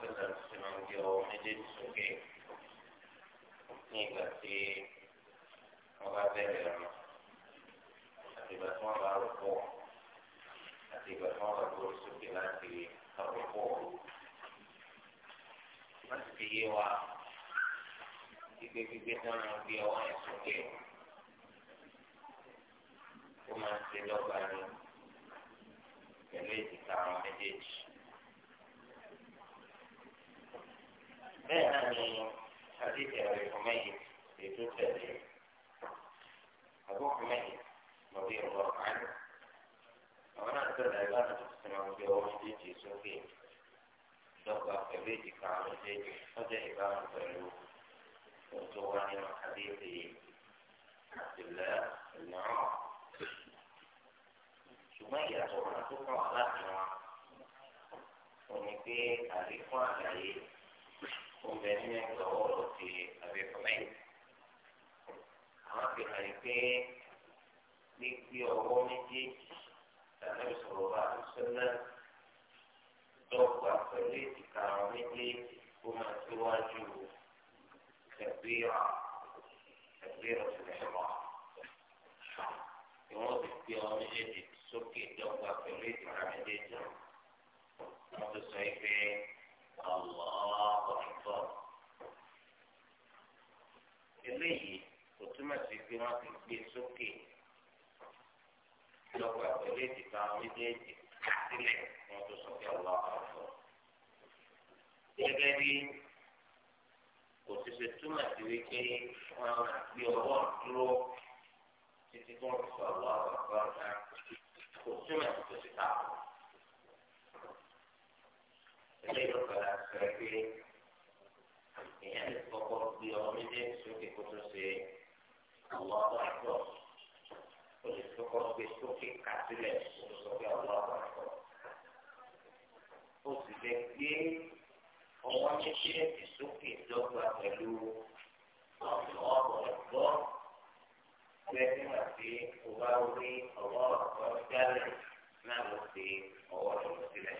pẹ̀lú àti máa ń gbé ọwọ́ méjèèjì sókè ní ìgbà tí wọ́n bá bẹ̀rẹ̀ ọ̀nà àti ìgbà tí wọ́n bá rò pọ̀ àti ìgbà tí wọ́n bá gbórí sókè láti rò pọ̀ láti fi yé wa gbígbé gbígbé tí wọ́n gbé yẹn sókè ó máa ń ṣe lọ́gbàá ní pẹ̀lú ètìkà àwọn méjèèjì. بها من حديث أبي حميد في تتلي أبو حميد رضي الله عنه وأنا أقول عبارة السماء في وحدي سوفي دقة كبيرة كعمل جيد هذا عبارة بلو وتواني من حديث عبد الله بن عمر سمية وأنا أقول على أنه ونكي أبي حميد yẹn lọ́wọ́ lọ sí abẹ́ fúnmẹ́yìn. àwọn fi hàn yín pé gbígbé ọwọ́ méjèèjì tàbí ìṣòro bá a sọ́nà dọ́gba pẹ̀lú èjìká méjèèjì kó máa síwájú tẹ̀gbéyàwó. eléyìí kò túmọ̀ sí pé wọ́n ti gbé sókè lọ́gbà pẹ̀lú ìdìbò méjèèjì sílẹ̀ wọ́n tó sọ pé ọlọ́ àfọ̀. gẹ́gẹ́ bí kò ti ṣe túmọ̀ sí wípé wọ́n á gbé ọwọ́ dúró títí tó ń sọ ọlọ́ àfọ̀ náà kò túmọ̀ sí kò sí tààbọ̀. eléyìí ló kọ́ la gbé ọmọ méjèèjì sókè kó tó ṣe àwọn ọmọ àgbọ̀ ó lè tó kọ́ gbé sókè kà sílẹ̀ kó tó sọ pé àwọn ọmọ àgbọ̀ ó sì lè gbé ọmọ méjèèjì sókè dọ́gba pẹ̀lú àwọn àgbọ̀ lẹ́yìn náà tí o bá rí ọwọ́ ọ̀pọ̀ jálẹ̀ náà ló fi ọwọ́ ọ̀pọ̀ sílẹ̀.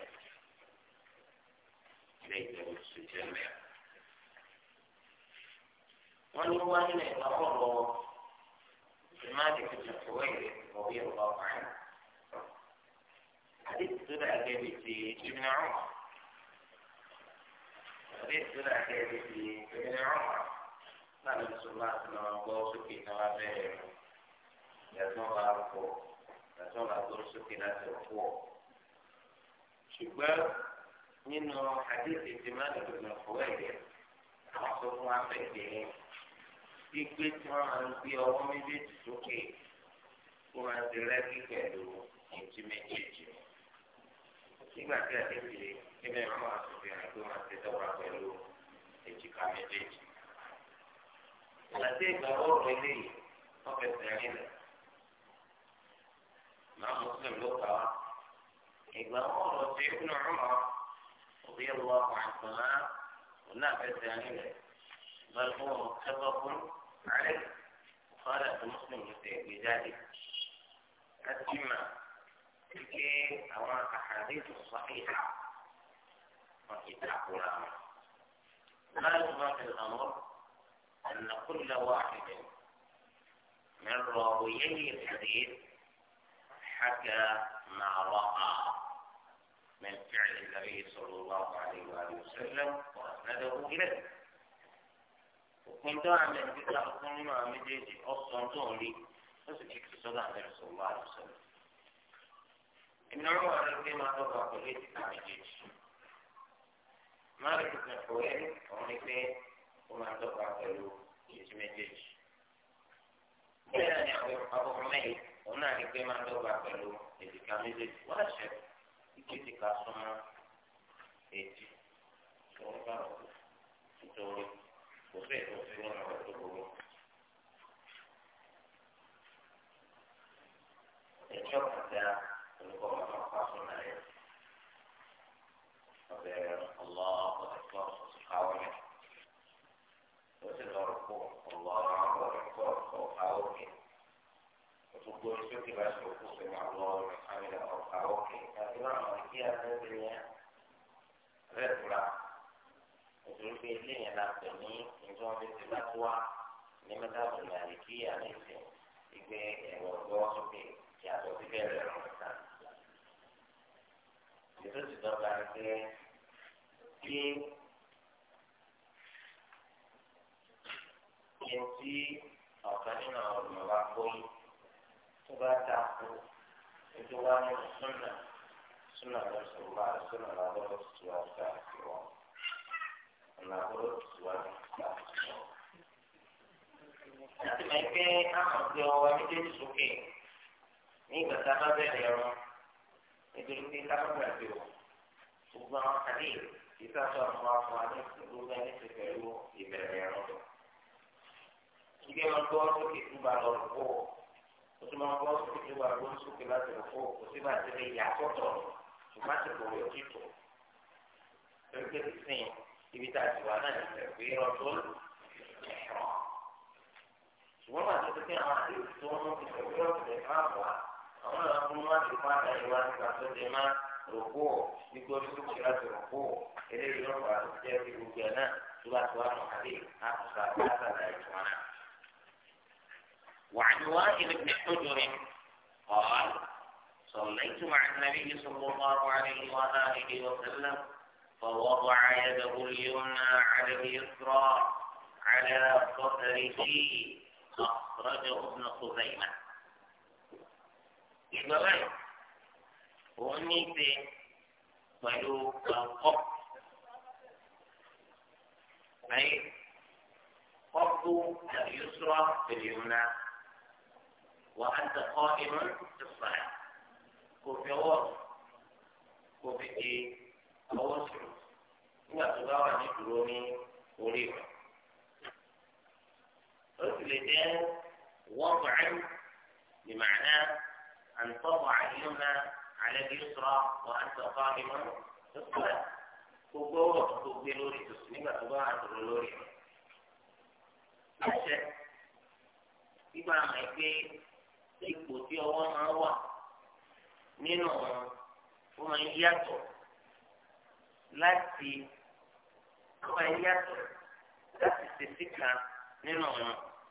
Ilé ìjọba ìṣèjọba wọ́n ní wọ́n nílẹ̀ lọ́wọ́ lọ ìmáàdì tuntun tó wẹ̀yẹ ọ̀bí ọ̀bá ọ̀hán. Àdéhùn tó dà gẹ́gẹ́ bí ti Ibn Umar. Àdéhùn tó dà gẹ́gẹ́ bí ti Ibn Umar. Láti Mùsùlùmá ti lọ gbọ́ sókè náà wá bẹ̀rẹ̀ rẹ̀. Yàtọ̀ wà pọ̀ yàtọ̀ wà gbọ́ sókè láti ọ̀pọ̀. Ṣùgbọ́n nínú àdéhùn ìmáàdì tuntun tó wẹ̀yẹ àwọn sọ fún wa fẹ̀ gbígbé tí wọ́n máa ń gbé ọwọ́ méjèèjì sókè kó máa ti rẹ́gí pẹ̀lú ìjì méjèèjì. nígbà tí a ti fi máa ti dọ́gba pẹ̀lú èjìká méjèèjì. àti ìgbà ọ̀rọ̀ eléyìí wọ́n fẹsẹ̀ rìn lẹ̀. màá mùsùlùmí ló kà wá. ìgbà ọ̀rọ̀ ti ìkùnà òbí àgbọ̀n náà fẹsẹ̀ rìn lẹ̀. عليه مخالفة المسلم بذلك الجمع تلك أو أحاديث صحيحة وكتاب الأمر لا يضاف الأمر أن كل واحد من راويي الحديث حكى ما رأى من فعل النبي صلى الله عليه وآله وسلم وأسنده إليه òpin tó wà lẹ́yìn tí ká fún nínú àwọn méjèèjì ọ̀sán tó ń rí ó sì kíkì sọ́dọ̀ àbẹ̀rẹ̀ sọ̀rọ̀ àdùsọ̀rọ̀. ìnáwó àwọn ẹgbẹ́ máa dọ́gba pẹ̀lú ìtìkà méjèèjì. máa rí tuntun ìfòwé ọ̀hún ni pé ó máa dọ́gba pẹ̀lú ìtì méjèèjì. bẹ́ẹ̀ ni àwọn ọmọ yìí òun náà ni pé máa dọ́gba pẹ̀lú ìtìkà méjèèjì wọ́n àṣẹ ìtìkà súnmọ́ èjì tó ń bá kò fẹ́ kò fi wọn àwọn tó gbogbo. ẹjọ́ kàdá olùkọ́ bàbá ọ̀pá fúnra rẹ̀ ọ̀bẹ ọlọ́ọ̀pọ̀ ẹ̀kọ́ àwọn ẹ̀ ó sì lọ́rọ̀ kó ọlọ́ọ̀pọ̀ ẹ̀kọ́ ọ̀pá òkè gbogbo iṣẹ́ tí bá ṣe òkú fún wa lọ́wọ́ àmì ọ̀pá òkè àti wọn ìdí àtẹ́bí yẹn rẹ̀ fúra nítorí pé ilé yẹn la ní tí wọ́n fi ṣe dákúwá ní mẹ́tàbù màlìkí àlejò ìgbé ẹ̀rọ ọgbọ́n sókè yàtọ̀ sí bẹ́ẹ̀ rẹ̀ ọ̀tá. ètò ìdọ́gba ni pé kí kí n tí ọ̀kan nínú àwọn olùmọ̀wá kóyè tó bá ta kú ètò wa ní súnà súnà lọ́sọ̀rọ̀ wa súnà lọ́sọ̀rọ̀ wa lọ́sọ̀rọ̀ wa lọ́sọ̀rọ̀ wa. pé àmọ̀ tí ọwọ́ méjèèjì sókè ní ìgbà tá a bá bẹ̀rẹ̀ ẹ̀rọ nítorí pé ká bá gbàgbé o ṣùgbọ́n àdé ìta sọ àwọn afọ alẹ́ gbogbo ẹni ti pẹ̀lú ìbẹ̀rẹ̀ ẹ̀rọ lọ. ìgbé wọn gbọ́ sókè tó bá lọ rògbò ó tún máa gbọ́ sókè tó bá lọ sókè láti rògbò kò sí bá ti lè yà sọ́tọ̀ ṣùgbọ́n àti kò rẹ̀ títò. ẹgbẹ́ ti sìn ibi tá a ti wà náà ṣùgbọ́n wà tó pé àwọn àti tó ń fi ṣòwò ọ̀sẹ̀ máa wà àwọn ọ̀rọ̀ fún wa ti fún àtàlẹ́ wa nígbà tó lè má rògbò nígbà tó tó ṣe láti rògbò eléyìí ló fà á jẹ́ bí gbogbo ẹ̀ náà tó bá tó wà nù àkùsà àtàlẹ́ ìtura náà. وعن وائل بن حجر قال صليت مع النبي صلى الله عليه وآله وسلم فوضع يده اليمنى على اليسرى على صدره أخرجه ابن خزيمة ìgbọ́láyò òun ní í ṣe pẹ̀lú ọkọ̀ ayé kọ́kú àyùsọ́ ìlúna wà á dẹ̀kọ́ inú ìfà kò fi ọwọ́ kò fi di ọwọ́ sùn nígbà tó bá wà ní dúró ní orí rẹ̀ ó sì lè jẹ́. وضع بمعنى أن تضع اليمنى على اليسرى وأنت قائم في الصلاة تقول تقول لوري تسلم تباع تقول لوري أشهد ìgbà máa gbé ipò tí ọwọ́ máa wà nínú ọ̀run ó máa ń yàtọ̀ láti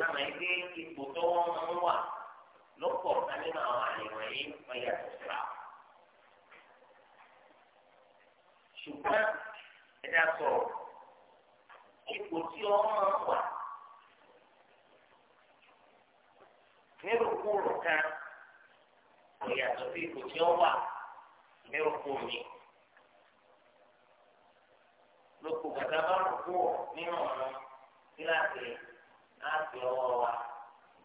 láwọn ẹgbẹ́ ipò tó wọ́n máa ń wà lọ́pọ̀ ọ̀gá nínú àwọn àyẹ̀wò yìí wọ́n yàtọ̀ síra. ṣùgbọ́n ẹ̀dá sọ̀rọ̀ ipò tí wọ́n máa ń wà nírúkú rò kan kò yàtọ̀ sí ipò tí wọ́n wà nírúkú mi. lóko gbàgbà bá rò kú nínú ọ̀nà kíláàsì láti ọwọ́ wa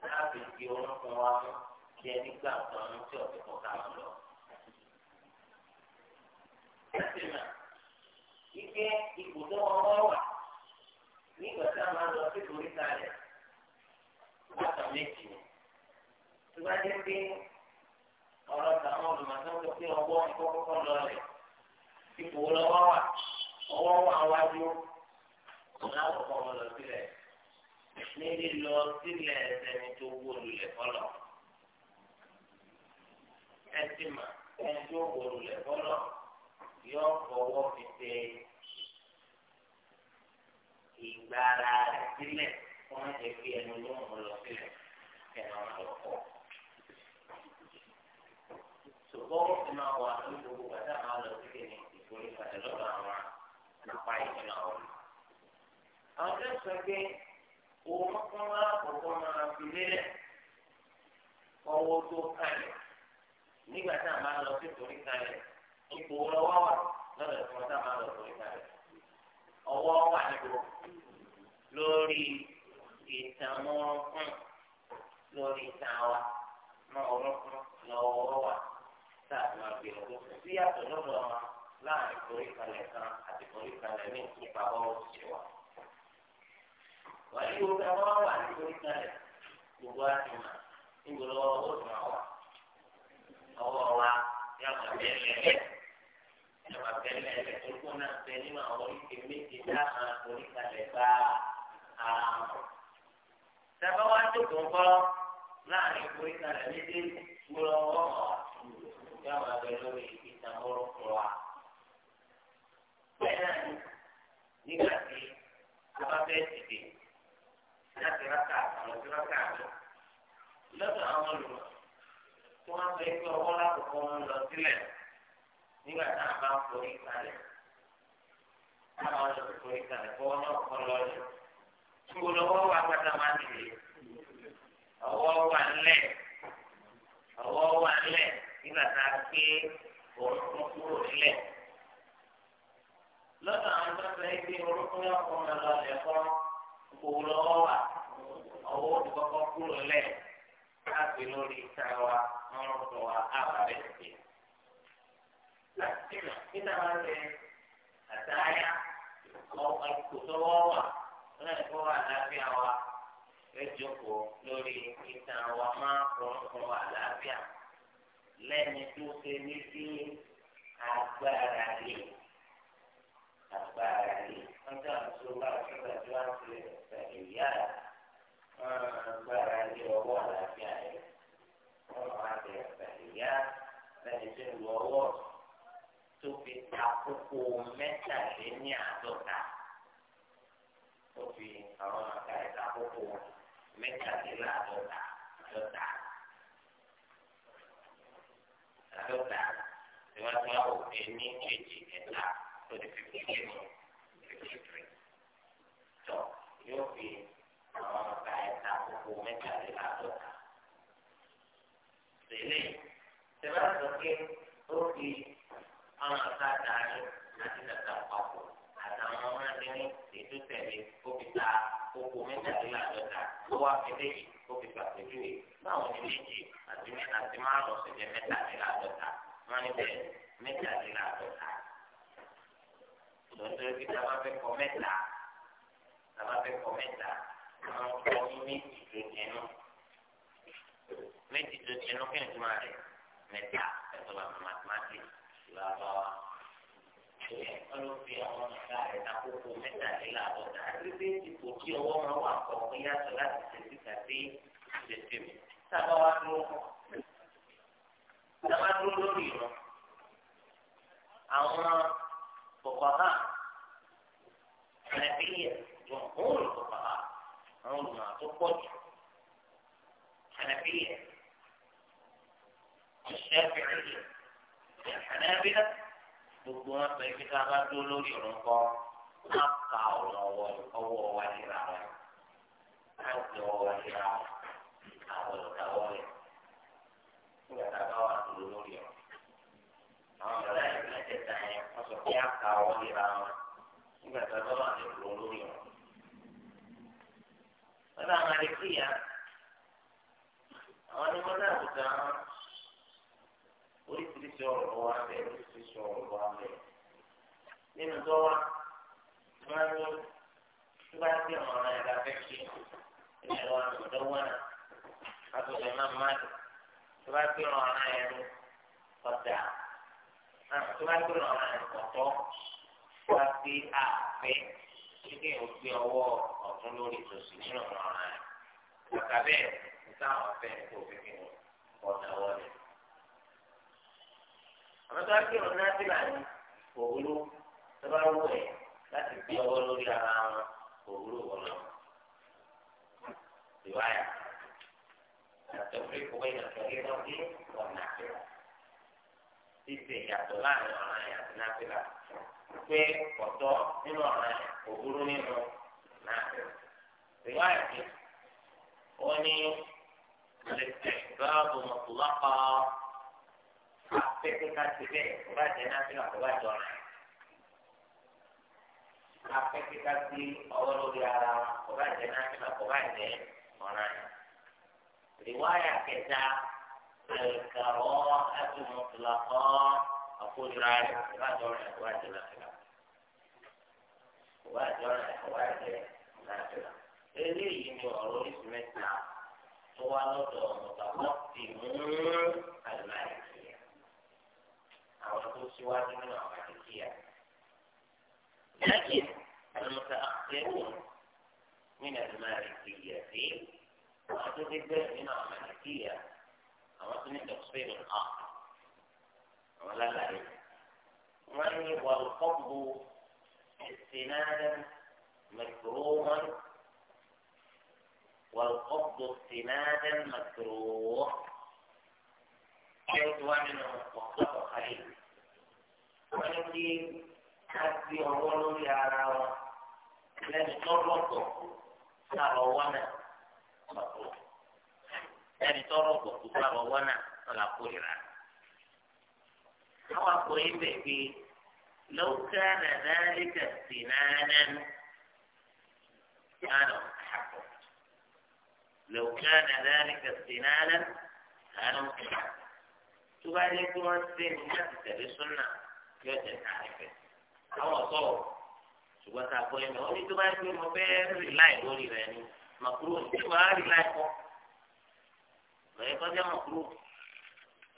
láti fi orúnkún wa mú kí ẹni gbà kan mú tí ọ̀sẹ̀ kan kà mọ́ lọ. ẹsẹ̀ náà ike ibùdó ọwọ́ wà nígbà tí a máa lọ sí ìtòrí kalẹ̀ látà méjì ni. tó bá dé pé ọ̀rọ̀ tàwọn olùmọ̀tò tó pé ọwọ́ ìkọ́kọ́ lọ rẹ̀ ipò lọ́wọ́ wà ọwọ́ wà wájú ọ̀nà àkọ́kọ́ wọn lọ sílẹ̀ ní lílọ sílẹ̀ ẹsẹ̀ni tó wó lulẹ̀ fọlọ̀ ẹtì mà ẹni tó wó lulẹ̀ fọlọ̀ yọ fọwọ́ fi tẹ ìgbára rẹ̀ sílẹ̀ wọ́n ti fi ẹnu ló ń lọ sílẹ̀ ẹnu ọ̀dọ̀ pọ̀. ṣùgbọ́n ó ti máa wà ní gbogbo pàtó àwọn lọ sí kìíní ìforípadà lọ́dọ̀ àwọn àpá ìdílé ọ̀rọ̀. àwọn tó ń sọ pé òun kún máa kọ̀kọ́ máa fi lélẹ̀ ọwọ́ tó kalẹ̀ nígbà tá a máa lọ sí torí kalẹ̀ ipò lọ́wọ́ wà lọ́dọ̀ tí wọ́n tá a máa lọ torí kalẹ̀ ọwọ́ wà níbo lórí ìtààmú lórí ìtààwá náà ọlọ́kùn lọ́wọ́ wà tá a máa fi lọ́wọ́ sí yàtọ̀ lọ́dọ̀ láàrin torí kalẹ̀ kan àti torí kalẹ̀ ní ìpàgọ́ òṣèwà wà ní gbogbo àwọn wà wà ní orí kalẹ̀ gbogbo àti mà ní gbogbo ọwọ́ tó máa wà ọwọ́ wa yà máa bẹ lẹ́lẹ́ yà máa bẹ lẹ́lẹ́ orúkọ náà bẹ nínú àwọn oríṣi méje dáhà orí kalẹ̀ bá ara wọn. sábà wá jókòó kọ́ láàrin orí kalẹ̀ méje gbogbo ọwọ́ wa yà máa bẹ lórí ìtàn wa. bẹ́ẹ̀ náà nígbà tí a bá fẹ́ láti rákà àwọn tí rákà àjọ. lọ́dọ̀ àwọn olùmọ̀ tí wọ́n sọ pé ọwọ́ lákòókò ń lọ sílẹ̀ nígbà tá a bá ń forí kalẹ̀ táwọn ọ̀dọ́ ti forí kalẹ̀ fọwọ́ náà kọ́ lọ́ọ̀lẹ̀. ṣùgbọ́n lọ́wọ́ wà pátá máa nìyí ọwọ́ wà ńlẹ̀ ọwọ́ wà ńlẹ̀ nígbà tá a gbé orúkún kúrò nílẹ̀. lọ́dọ̀ àwọn tó ń sọ pé orúkún yóò kọ́ òun lọ́wọ́ wà ọwọ́ ti kọ́kọ́ kúrò lẹ̀ láti lórí ìta wa ọ̀rọ̀ wa àbàlẹ̀ sí. láti nà níta máa ń lẹ àtàyà àlùkò tọwọ́ wà náà kó wà láàbíà wa lẹ́jọ́kọ̀ lórí ìta wa máa kọ́ wà láàbíà lẹ́ni tó ṣe ní sí agbára lè agbára lè ọjọ́ àtúnṣe àti ìgbàjọ àti ìyá gbára lé ọwọ́ àlàáfíà rẹ̀ wọ́n máa tẹ̀ ìyá lẹ́ni tó lu ọwọ́ tó fi àkókò mẹ́tàléní àádọ́ta tó fi àwọn àgbà ẹ̀ka àkókò mẹ́tàléláàádọ́ta àádọ́ta àádọ́ta tí wọ́n ti wá òfin ní kejì ẹ̀ta tó di fífi kéwòn yóò fi àwọn ọ̀gá ẹ̀ka àkókò mẹ́tàléláàdọ́ta. Sèlè sẹ́fà sọ pé ó fi àwọn ọ̀gá dání láti dàgbà papọ̀ àtàwọn ọmọ adẹ́ni ètò tẹ̀lé ó fi ta àkókò mẹ́tàléláàdọ́ta tó wá fi léyìí ó fi pàṣẹjúwe báwọn ní méjì àti àti márùn-ún ṣẹjẹ mẹ́tàléláàdọ́ta wọ́n ní bẹ́ẹ̀ mẹ́tàléláàdọ́ta. Lọ́sọ̀rọ̀ kí sábà fẹ́ kọ tàbá fẹ́ kọ mẹ́ta àwọn ọkọ ní méjì tó jẹnu méjì tó jẹnu kí ni tó máa rẹ̀ mẹ́ta ẹ̀tọ́ bá mọ̀ mathematics lọ́wọ́ ẹ̀ ọlọ́fi àwọn ọ̀gá rẹ̀ takoko mẹ́tàléláàbọ̀tà àdúgbò ìdìbò tí ọwọ́ wọn wà kọ́ fún yàtọ̀ láti ṣe síta sí ìṣẹ̀ṣẹ̀ mi sábà wá dúró sábà dúró lórí ìrọ̀ àwọn kọ̀kọ̀ hàn ẹ̀ẹ́dẹ́gbẹ̀yẹ̀. جمهور الفقهاء هم ما تقول حنفية الشافعية الحنابلة بقوة بكتابة دولو يرنقى أبقى الله هو وزيرا أبقى وزيرا أول دولة وتدور دولو يرنقى àwọn ọ̀rẹ́ ìgbà tẹ̀ta yẹn wọ́n sọ pé àkà ọ̀rẹ́ ra wọn nígbà tó lọ́wọ́ àti ìlú olórí wọn lọ́dọ̀ àwọn àdékìyà àwọn ní mọ́tà àbùtà oríṣiríṣi ọ̀rọ̀ wà bẹ́ẹ̀ oríṣiríṣi ọ̀rọ̀ wà bẹ́ẹ̀ nínú tó wá máa ní tó bá ti ọ̀ràn ẹ̀dá fẹ́ kí ẹ̀rọ àtọ̀dọ̀ wà àtọ̀dọ̀ máa má dùn tó bá ti ọ̀ràn ẹ̀rọ ọ̀dà tó bá ti ọ̀ràn ẹ̀rọ ọ̀tọ̀ tó bá ti àfẹ́ kíkẹ́ ò gbé ọwọ́ ọ̀tún lórí ìtòsí nínú ọ̀ràn rẹ̀ kàkà bẹ́ẹ̀ níta àwọn afẹ́ kò fi kí ni ọ̀dà wọlé. àwọn tó wá kí wọn náà sílà ní òwúrú tó bá wù ẹ́ láti gbé ọwọ́ lórí ara wọn òwúrú wọlé. ìwáyà التفريق بين الفريضة والنافلة. في النافلة pé ọ̀tọ̀ nínú ọ̀ràn òbúrú nínú náà. Ìwà ẹ̀sìn ó ní ìgbàgbọ́ mọ̀tòlápá afẹ́fẹ́ ká ti bẹ́ẹ̀ kó bá jẹ́ náà sílẹ̀ kó bá jọ ọ̀ràn. Afẹ́fẹ́ ká sí ọwọ́ lórí ara kó bá jẹ́ náà sílẹ̀ kó bá jẹ́ ọ̀ràn. Ìwà ẹ̀kẹta àìkàrọ̀ ẹ̀sùn mọ̀tòlápá àkójọ rẹ̀ kó bá jọ ọ̀ràn kó bá jẹ́ náà sílẹ̀. وقت وانا حوالي مناسبة إليه يمرون مثلا هو نظر متقدم المالكية أو نقول سواد من المالكية لكن المتأخرون من المالكية وأعتقد من المالكية أو أعتقد تفصيل آخر ولا لا وأن والقبض استنادا مكروها والقبض استنادا مكروه كيف وعمل مصطفى خليل ولكن حسبي يا على لن يتربط سبوانا مكروه لن يتربط سبوانا ولا قرر àwọn akọ̀yìn bẹ̀ لو كان ذلك سنانا كان مستحقا لو كان ذلك سنانا كان مستحقا تبارك وتسين حتى بسنة يوجد تعريفه هو صور ṣùgbọ́n tá a gbọ́ yẹn lọ ní tó bá yẹ pé mo fẹ́ rí láì lórí rẹ ni màkúrò ní tó bá rí makuro lọ́yẹ́ kọjá makuro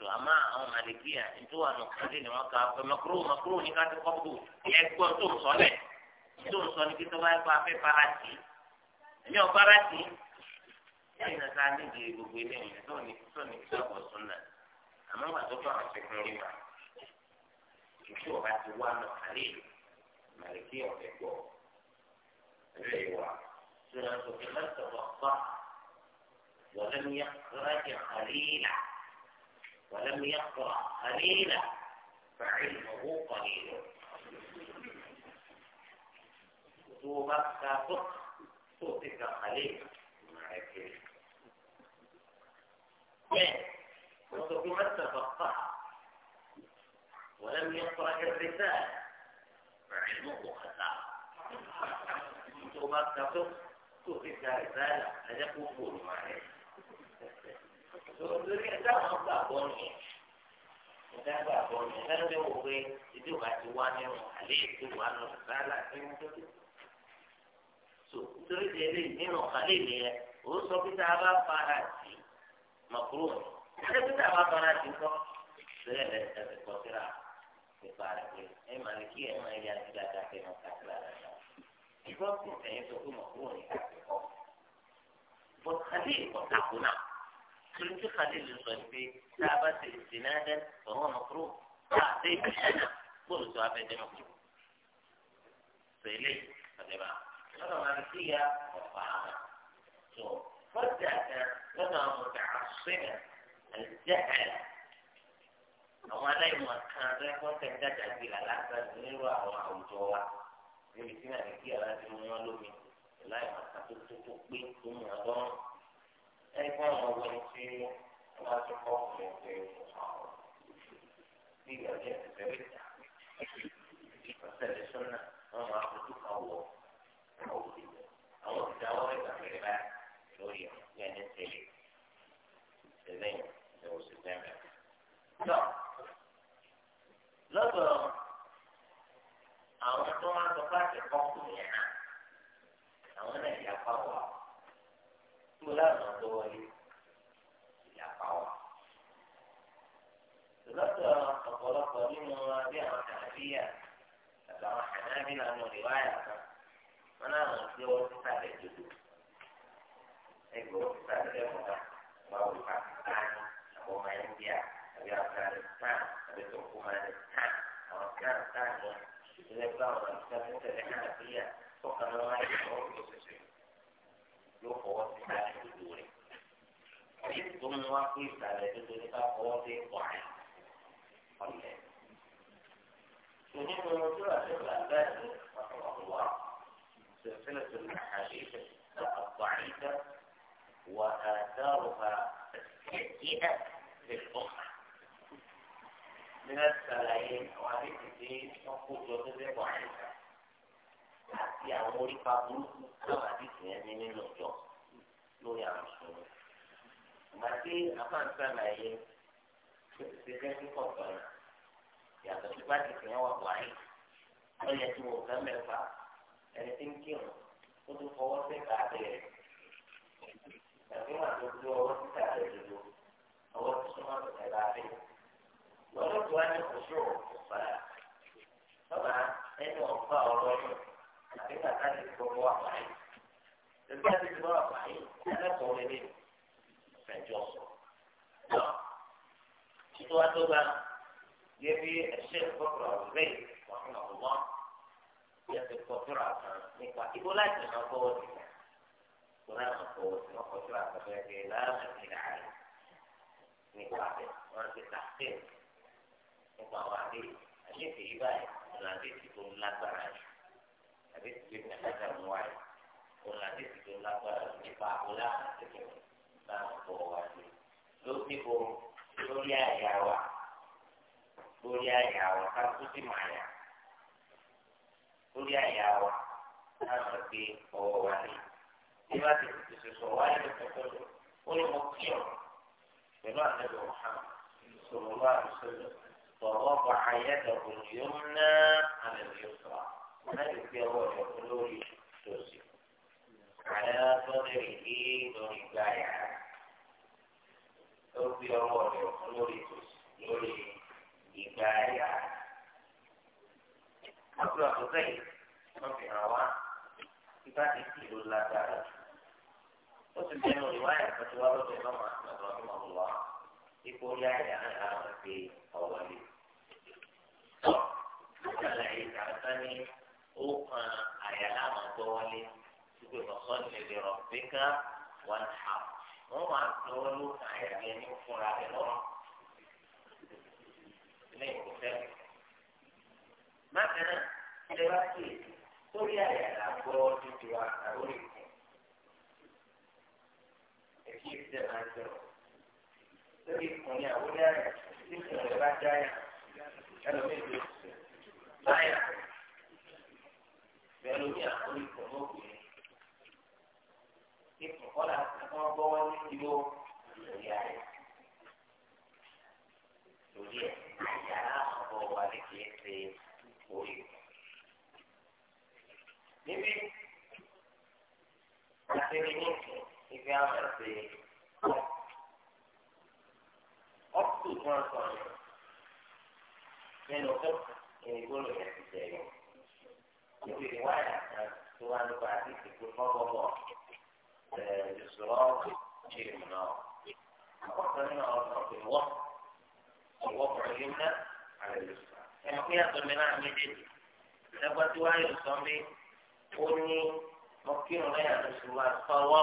tó a máa àwọn màlìkíyà nítorí wà nù kọ́lé ni wọ́n kà á pé makro makro ní ká ti kọ́ kú ẹ gbọ́ tó ń sọ lẹ̀ tó ń sọ ní kí tó bá yẹ kó a fẹ́ fara tì í ẹ̀mí ọ̀ fara tì í ẹ̀yìn náà ká ní ìdílé gbogbo ilé ìyẹn tó ní tó ní kí ọkọ̀ sún náà àmọ́ wà tó fún àwọn ṣẹkùn rí wa ìṣú ọba ti wá nù kálí màlìkíyà ọ̀fẹ́ gbọ́ ẹ̀rẹ́ ìwà tó ولم يقرأ قليلا فعلمه قليل كتبك فقه صوتك قليل معك وتكون تفقه ولم يقرأ الرسالة فعلمه خسارة كتبك فقه صوتك رسالة هذا قبول معك lórí ẹ̀dá àwọn gbàgbọ́ ni ẹ̀dá gbàgbọ́ ni ẹ̀dá ló wò pé ìdí òbá ti wá nínú àlẹ́ ètò wà nù sálà ní nítorí tó nítorí ti ẹlẹ́yìn nínú àlẹ́ ìlẹ̀ yẹn ó sọ pé tá a bá fara sí màkúrò ní ẹ̀dá pé tá a bá fara sí kọ́ sílẹ̀ lẹ́yìn ẹ̀sẹ̀ kọ́ síra nípa rẹ̀ pé ẹ̀ máa ní kí ẹ̀ máa yá sí dáadáa pé wọ́n kà síra dáadáa ìfọ́sùn ẹ̀yìn sọ pé màkúrò ní kà sí kọ́ bọ́t torí tí khalil sọ pé tá a bá ti lè sìn náà dẹ́ ọ̀hún ọ̀kúrò tá a ti ṣẹ̀dá bóòlù tó a fẹ́ dẹ́ ọ̀kúrò. sèlè àdébà lọ́dọ̀ máa ń kíyà ọ̀pá àmà tó fọ́jà kan lọ́dọ̀ àwọn ọ̀gá àṣìyàn ẹ̀jẹ̀ ẹ̀ àwọn aláìmọ̀ kan lẹ́kọ̀ọ́ tẹ̀ dáadáa bí làlásán nírú àwọn àwùjọ wa níbi tí náà ní kíyà láti mú wọn lómi láìmọ̀ kan tó tó tó pé tó mú wọn ẹni fún àwọn ọmọ ẹni tí wọ́n bá ti kọ́ ọ̀rọ̀ ẹgbẹ́ ọ̀hún. Bí ìgbà jẹ́ ìbẹ̀rẹ̀ ìta, to osele sọ́nà wọ́n máa fojú kan wọ̀ àwọn òbí. Àwọn òbí àwọn ẹ̀gbà mẹ́rin bá lórí ẹ̀ ní ẹni tẹ̀lé. Ìṣẹ̀lẹ̀ yẹn ni ó sì bẹ̀rẹ̀. Lọ lọ́dọ̀ àwọn lo I want sọ fún àtẹ̀kọ́ kù yẹn náà, àwọn náà yà pa wà. tó lánàá tó wọlé ìyàpá wa. lọ́sọ̀ ọ̀pọ̀lọpọ̀ nínú abẹ́ àwọn àbíyà àtàwọn àdábí náà nù níwáyà kan wọn náà mọ̀ sí ọwọ́ títà rẹ̀ dodo ẹgbẹ́ ọwọ́ títà rẹ̀ lẹ́kọ̀ọ́ wọn wọ Pakistan àwọn ọmọ India àbí Afghanistan àbí Turkmenistan àwọn Afghanistan yẹn ìdílé bá wọn àti sẹ́kẹ̀tẹ̀rẹ̀ náà bíyà tó kàn wọ́n láyé ọ̀rọ̀ tó ṣe yóò fọwọ́ sí ìsàlẹ̀ dúdú rẹ̀ èyí tó mú wá fún ìsàlẹ̀ dúdú rẹ̀ ká fọwọ́ sí ọ̀rẹ́ ọ̀lẹ́. ونحن نقول شغل الباس رحمه الله سلسلة الأحاديث الضعيفة وآثارها السيئة للأمة من السلايين وهذه الدين تقول جزء ضعيفة 呀，我理发，老板这几年天天弄这，弄样式。那这俺们这边买衣服，这件是好看的。呀，这块是棉袄白的，它这毛茸茸的，它。它这挺轻的，我都抱着它带的。俺们这边都抱着它带的，都。抱着它从那头带的。我都穿着很舒服，哎。老板，那个发我多少？حقيقة هذه الفروع صحيح هذه الفروع صحيح لا تقول لي فنجوص لا شتوا توبا يبي الشيخ بكر البيت رحمه الله يبي كفرة نقطة يقول لا تنقول ولا نقول نقول شرعة فيها لا مثيل عليه نقطة وأنا في تحقيق نقطة واحدة أشياء في إباحة أنا في تقول لا تراجع حديث ابن حجر واحد والحديث في الأكبر nípa àbúlá àtẹ̀kẹ̀wé bá ń bọ̀ wá sí ló ti bo lórí àyà wa lórí àyà wa ká tó sì máa yà lórí àyà wa ká sọ pé ọwọ́ wa ni bí wàá ti tètè sọ wáyé ló fẹ́ ó ní mo kí ọ pẹ̀lú àtẹ̀wé Muhammad sọ̀rọ̀ wá àbúsọ̀rọ̀ tọ̀wọ́ bọ̀ àyẹ̀dọ̀ òun yóò ná àlẹ́ yóò sọ̀rọ̀ láti fi ọwọ́ rẹ̀ fún lórí tòsí. Àlẹ́ sọ́dẹ̀ yìí lórí gbáyà. Ó fi ọwọ́ rẹ̀ fún lórí tòsí lórí ìgbáyà. Àbúrò àbúrò yìí wọ́n fi hàn wá ibà ti tì ló lágbára jù. Ó ti bẹ̀rù ìwáyà kan tí wọ́n lọ́dọ̀ náà máa ń sọ̀rọ̀ ní ọ̀lọ́. Ipò orí àyà náà làwọn fi ọ̀wọ́lé. Sọ̀rọ̀ àlàyé ìjà sani ó kan àyà láwọn gbọ́ wọlé síbi ọ̀sán lèrè rabbika wanhar wọ́n wà lọ́wọ́ ló kan àyà bí ẹni fúnra rẹ̀ lọ́rọ̀ ilé ìkọ́fẹ́ bákan náà ilé wa kì sórí àyà làgbọ́ títí wa àwọn èkó èkó ìṣẹ̀ máa ń sọ̀rọ̀ lórí ìkànnì àwọn ẹ̀rọ tí ìkànnì bá dá yà ẹlòmíì ló sọ báyà pẹ̀lú ní àwọn ìkọ̀wé obìnrin ipò kọ́lá wọn gbọ́wọ́ ní ìlú ìyá rẹ̀ lórí ẹ̀ àyà àbọ̀ wà ní kìí ṣe orí. níbi àtẹ̀lé ní ìfi àwọn ẹ̀sẹ̀ ọ̀pù tó ń sọ̀rọ̀ nínú ọ̀pù ìgbóhùn ẹ̀sẹ̀ yẹn níbi ìwáyà kan tó wá nípa àdìsí pé fọ́bọ̀bọ̀ ìṣòro ṣe ìmùnà àkọ́kọ́ nínú àwọn ọ̀sán ìwọ́ pẹ̀lú iná àlejò ẹ̀mọ pé yàtọ̀ mi náà méjèèjì lẹ́gbọ́n tí wáyà sọ mi ó ní mo kírun lẹ́yìn àlejò wa fọwọ́wà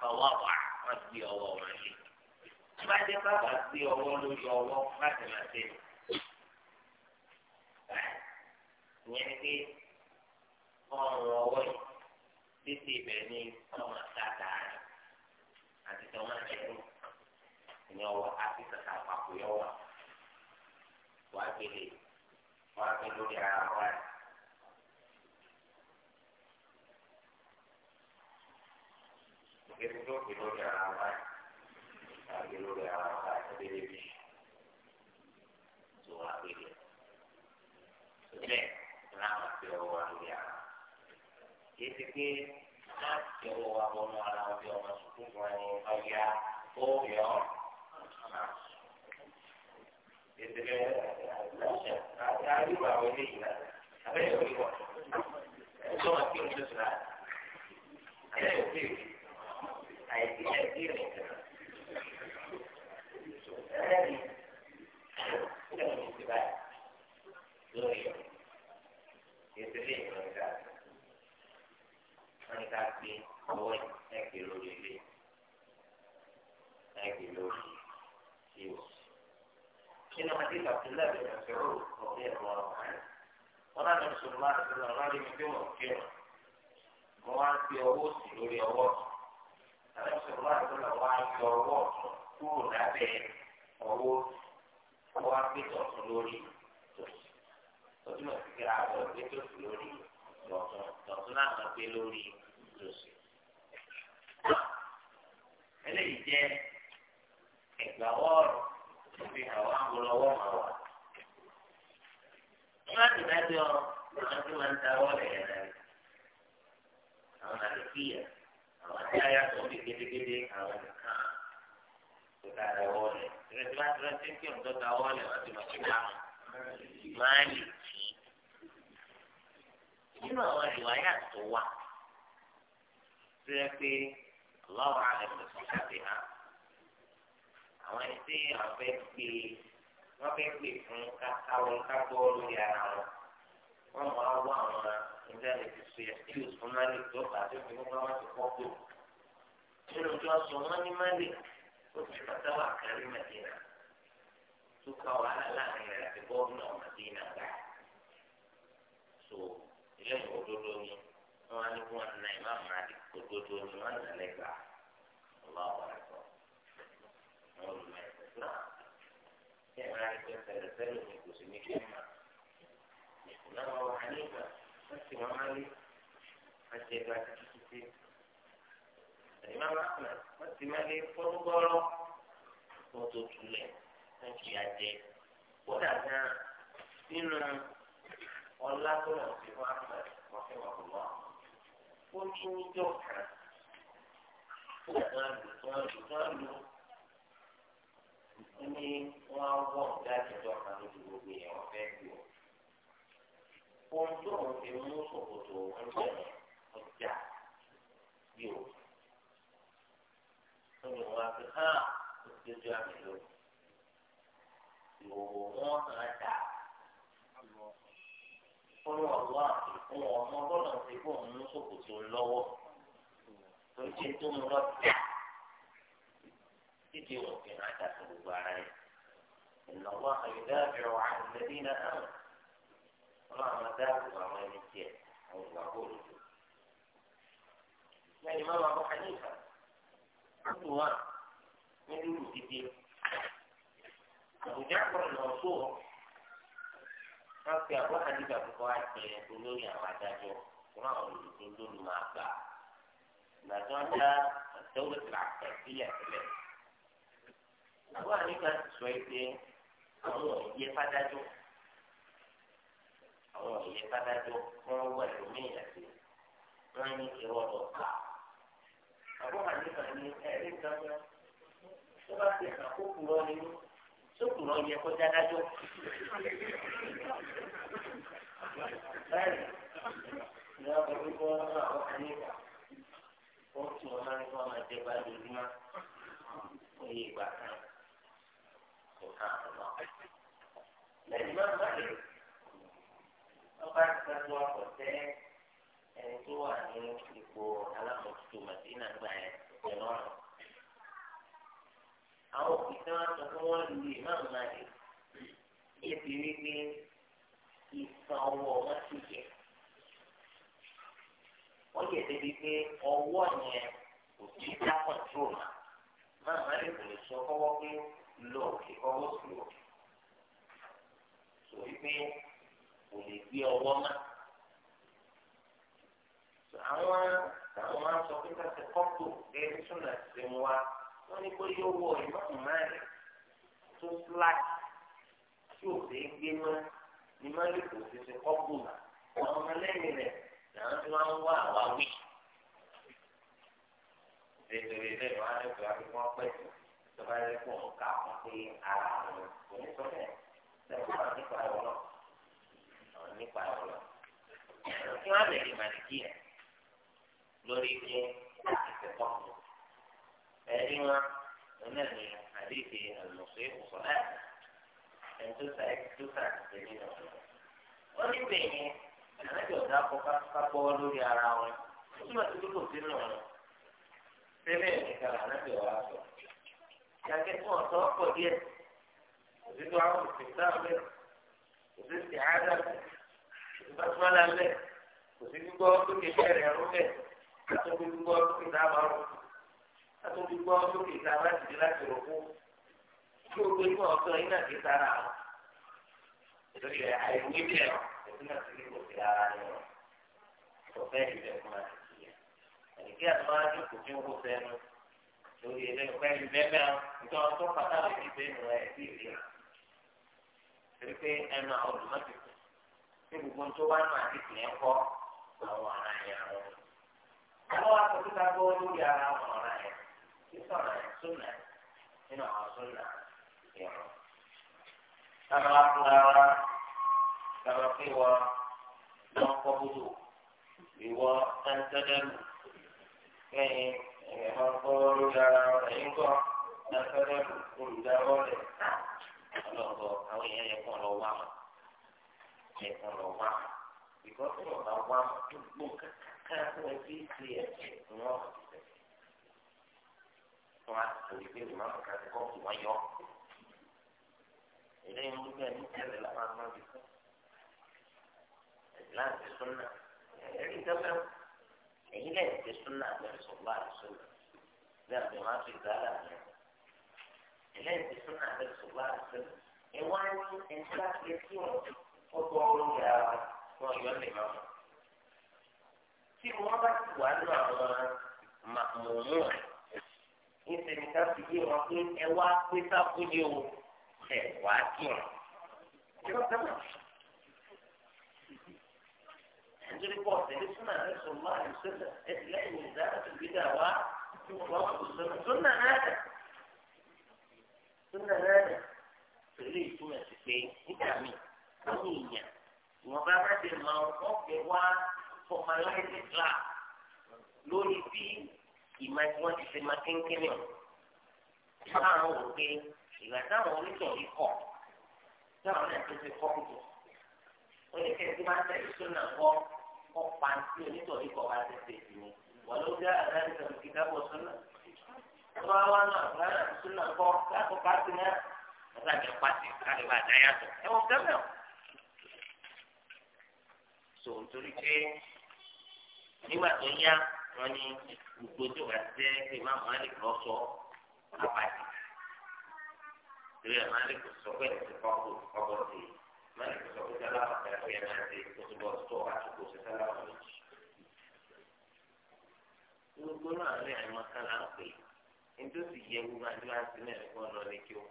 fọwọ́wà wọ́n gbé ọwọ́ wọn lé tí bá dé bàbá gbé ọwọ́ lórí ọwọ́ láti máa dé ìyẹn ni pé ọrùn ọwọ́ yìí títí ibẹ̀ ni ọmọ àtàtà rẹ̀ àti tọ́mọ ẹ̀rú ìyẹn ọwọ́ àti tàtà àpapọ̀ yọ wà wàá gbélé wàá gbé lórí ara wa Gbèsè tó gbé lórí ara kì í ti pé láti ọwọ́ wa wọnú ara ọbẹ̀ ọmọ sùkúù wọn ni ọ̀yà ó yọ ọ́. Ìdílé àti àdúgbò àwọn eléyìí náà abẹ́yẹ̀ òní wọ̀ ẹ̀ṣọ́ àti oṣooṣù náà abẹ́yẹ̀ òní rí àìsí ẹ̀dí rẹ̀ ẹ̀ẹ́dì ẹ̀ẹ́dì ti báyìí lórí ẹ̀. ẹ̀ka gbé ọwọ́ ẹ̀kẹ́ lórí ilé ẹ̀kẹ́ lórí ìwò. nínú àdéhùn àbúlá bẹ̀rẹ̀ àfẹ́rò ọ̀gbẹ́ ẹ̀rọ ọ̀hán wọn náà lọ sọ̀rọ̀ láti sọ̀rọ̀ àwọn ọ̀rẹ́ mi pé wọ́n fi hàn mo wá ń fi ọwọ́ sí lórí ọwọ́ àlọ́ sọ̀rọ̀ láti sọ̀rọ̀ wá ń fi ọwọ́ kúrò lábẹ́ ọwọ́ ọwọ́ àgbẹ̀tọ̀ lórí tòsí tòsí mọ̀ sí kíra àbọ̀ àgbẹ̀tọ̀ lórí tòsí tòsí náà máa gbé lórí tó eléyìí jẹ́ ẹ̀gbà wọ́ọ̀rù tó fi àwọn àgbọ̀lọ́wọ́ máa wà. wọ́n á ti dájọ́ àwọn tí wọ́n ń ta wọ́ọ̀lù yẹn náà àwọn àlùfíà àwọn tí a yà sọ bí gédégédé àwọn nìkan tó ta da wọ́ọ̀lù. ìrẹsì bá ti rẹ kí ọ̀dọ́ ta wọ́ọ̀lù àti màṣíkà máa lè kí. nínú àwọn ìwà yà tó wà tó yẹ pé ọlọ́run àlẹ́ kò sí àbí hàn àwọn ẹni tí wọ́n fẹ́ pè wọ́n fẹ́ pè fún káwọn kábọ́ lórí ara wọn wọ́n máa wá àwọn ìdánilẹ́sì sọ yẹ kí oṣù máàlì tó bá tó fi wọ́n bá wọn ti kọ́ tó nínú tí wọ́n sọ wọ́n ní máàlì ó ti pàtàkì àkárí màdínà tó ká wàhálà láàrin òdodo ni wọ́n nà lẹ́gbà ọlọ́wọ́ ẹ̀kọ́ wọn ò lùmọ̀ ẹ̀kọ́ náà kí ẹ̀ máa rí pé tẹ̀lẹ̀tẹ̀lẹ̀ ní kò sí ní kí ẹ̀ máa ìkùnà wọn wà ní ìgbà wọ́n sì wọ́n máa rí wọ́n ti ẹ̀gbà títí títí ẹ̀yìn máa máa kùnà wọ́n ti máa rí fọ́nbọ́rọ́ wọ́n tó tulẹ̀ wọ́n fi àjẹ kódà gan nínú ọlá tó wọ́n ti wọ́n á pẹ̀ fi wọ́n kù lọ́wọ́ ó ní níjọ́ kan ó kàn án wọ́n á wọ̀ láti jọ kan lójú gbogbo èèyàn ohun tó ń fi mú ṣòkòtò òun jẹ́ ọjà bí ó ní wọ́n á fi hàn lójú àmì lò. ìwòwò wọn kàn án fọlọ́ ọ̀wá òun ọmọ bọ́lá ti bọ̀ ń mú ṣòkòtò lọ́wọ́ tó ṣe tó mú lọ bíà títí wọn fi hàn dàtọ̀ gbogbo ara rẹ̀ ìnáwó àyẹ̀dáàbẹ̀rẹ̀ wà lẹ́bí náà wọn àwọn adáàbò àwọn ẹni tiẹ̀ àwọn ìgbà bọ́ọ̀lù tó. lẹ́yìn máa máa bọ́ hanifa wọ́n tún wà ní lúlù dídé àbújá kọ́ ọ̀nà ọ̀ṣọ́ wọn pe àbọ̀ àdìgbà kọ́kọ́ wá jẹ olórí àwọn adájọ́ fún àwọn olùdó lórí máa gbà ìgbàdàn dá àtẹwé tìlàkà sílẹ̀ sílẹ̀ àbọ̀ àdìgbà ti sọ ẹgbẹ́ àwọn òye fádájọ́ àwọn òye fádájọ́ fún ọwọ́ ẹlòmíràn àti wọn ní irọ́ lọ pa àbọ̀ àdìgbà ni ẹ̀rí kan tó bá ti àkókò lọ nínú sókù lọ yẹ kó dádájọ. báyìí ní ọkọ̀ wípé wọ́n àwọn kan nígbà ó tún wọn máa ń fún ọmọ bá lójúmọ́ ó yẹ ìgbà kan kò ká ọmọ. lẹ́yìn máa ń báyìí wọ́n bá ń sọ ọkọ̀ tẹ́ ẹni tó wà ní ipò alámòtútù màdínà gbà ẹ̀ lọ́rùn àwọn òbí tí wọ́n sọ fún wọn lu ìmáàmù náà lè yé ti rí pé ìsan ọwọ́ wọn ti yẹ. wọ́n yẹ débi pé ọwọ́ yẹn kò sí dá kọ̀ntró mà máàmù rẹ̀ kò lè sọ fọwọ́ pé lọ òkè ọwọ́ sí òkè. sọ wípé kò lè gbé ọwọ́ mà. àwọn táwọn máa ń sọ pé ká kọ́pù gẹ́gẹ́ bí súnà ti wa wọ́n ní pé yóò wọ ìmọ̀ọ́mù márùn tó slack tí ò fẹ́ gbé náà ni mọ́lẹ́kì ò fi ṣe kọ́kù mà àwọn rẹ̀ làwọn tí wọ́n ń wá àwa wí. Ìdèdèrè ilé ìwà ẹ̀fọ́ akẹ́kọ̀ọ́ pẹ̀ ìjọba ẹ̀rẹ́ pọ̀ ká àwọn pé ara àwọn kò ní àwọn nípa ẹ̀rọ náà àwọn nípa ẹ̀rọ náà. Kí wọ́n lè rí màlìkì ẹ̀ lórí ilé àti ẹ̀rí wọn ọ̀nà ní àdéhìí àlùmọ̀sọ́ ìkùsọ̀ náà ẹ̀ńtọ́sà ẹ̀ńtọ́sà ti nínú ọ̀nà. wọ́n ní bẹ̀yẹn ànájọ̀ ọ̀dà kọ kápọ̀ lórí ara wọn ó túmọ̀ sí kókò sínú ọ̀nà. tẹ́lẹ̀ nìkan ànájọ̀ wa sọ. ìyàgẹ́ fún ọ̀tọ́ pọ̀ díẹ̀ òṣìṣẹ́ àwọn òṣìṣẹ́ àbẹ̀ òṣìṣẹ́ àádá òṣìṣẹ́ àtúmọ̀lá àtúndì gbọ́ lókè tá a bá ti di láti rògbò tí o gbé fún ọ̀sán iná kì í sára wọn. nítorí ẹ̀ àìwé bẹ́ẹ̀ ọ̀ ẹ̀sìn náà ti ní kò sí ara rẹ̀ ọ̀ kò fẹ́ ìbẹ̀ fún àti kìí. àdìgí àtúmájú kò fi ń wò sẹ́nu lórí ẹ̀rẹ́ ìpẹ́ ìbẹ́ bẹ́ẹ̀ nítorí wọn tó pàtàkì ti fẹ́ nù ẹ̀ sí ìlera. torí pé ẹnu àwọn olùmọ̀tìkù ní gbogbo tó wá nù àti kìí ẹ̀kọ́ àwọn àrà sísọ̀rọ̀ súnà nínú àwọn súnà ìrọ̀. Táwọn wá fún ara táwọn pé wọ lọ kọ́ búdù ìwọ tẹ́ntẹ́dẹ́nu kẹ́yìn ẹ̀yìn máa ń kọ́ lórí ara ẹ̀yìn kọ́ tẹ́ntẹ́dẹ́nu olùdarí rẹ̀ ọlọ́gbọ́ àwọn èèyàn yẹn kàn lọ wá wọn yẹn kàn lọ wá wọn. Ìgbọ́sọ̀rọ̀ bá wá wọn tó gbó kankan fún ẹbí ti ẹ̀jẹ̀ wọn wọn á torí pé ìmọ̀ àbùkà ti kọ́ kí wọ́n yọ. eléyìí ń gbé ẹni tẹ́lẹ̀ láwọn ọmọ ibi kan ẹ̀dí láti súnà ẹ̀rí ìjọba èyí lẹ́yìn ti súnà àbẹ̀rẹ̀ sọ̀gbà àdìsúnà bí àbẹ̀ máa fi gbà láàrin ẹ̀lẹ́yìn ti súnà àbẹ̀rẹ̀ sọ̀gbà àdìsúnà ìwọ́n ní ẹni láti etí wọn ó tó ọrùn rẹ̀ ara wọn yọ lè máa tí wọ́n bá ti wà nínú àwọn màmúmú rẹ̀ ní sẹ̀mítà fi yé wọn pé ẹ wá pé sáfúnni o ẹ wá kí wọn. nítorí pọ̀ tẹ̀lé súnà rẹ̀ sọ máa ń sọ́nà ẹ̀ lẹ́yìn ìdáná tó gbé dà wá wọ́n kò sọ́nà súnà rẹ̀ súnà rẹ̀ tẹ̀lé ìtumọ̀ sí pé nígbà míì wọ́n ní ìyàn ìwọ̀n bá má ti mọ ọ̀fẹ́ wá fọmọláìsì kíláà lórí bí ìmọ̀ tí wọ́n ti ṣe máa kínkínní o láwọn wò pé ìgbà táwọn onítọ̀rí kọ̀ táwọn náà tó ti kọ́ kùtù oníkẹ́ tí máa ń tẹ̀lé sọ́nà kọ́ kọ́ pàǹtí onítọ̀rí kọ̀ wá ti ṣe ìsinmi wọ́n ló dá àdáni tẹ̀lé kí dábọ̀ sọ́nà wọ́n wá wá náà fúlànà sọ́nà kọ́ lákòó pàǹtí náà wọ́n sàgbẹ́ pàǹtí káàdì bá dá yàtọ̀ ẹ̀wọ̀n kẹ́mẹ́ o. sòwòtòrí pé nígbà wọn ní gbogbo tó bá tẹ pé má mọ àlè kọ sọ àpàdé torí ẹ má lè kọ sọ pé ẹsẹ kọkọ kọkọ sí i má lè kọ sọ pé sábà kọkọ ẹ fẹ máa ṣe kó tó bọ sọ àtúkò sí sábà kọ méjì. gbogbo náà lè àìmọ kálá ń pè nítòsí yẹ gbogbo àti máa ń sin ẹ̀rọ kan lọ kí ó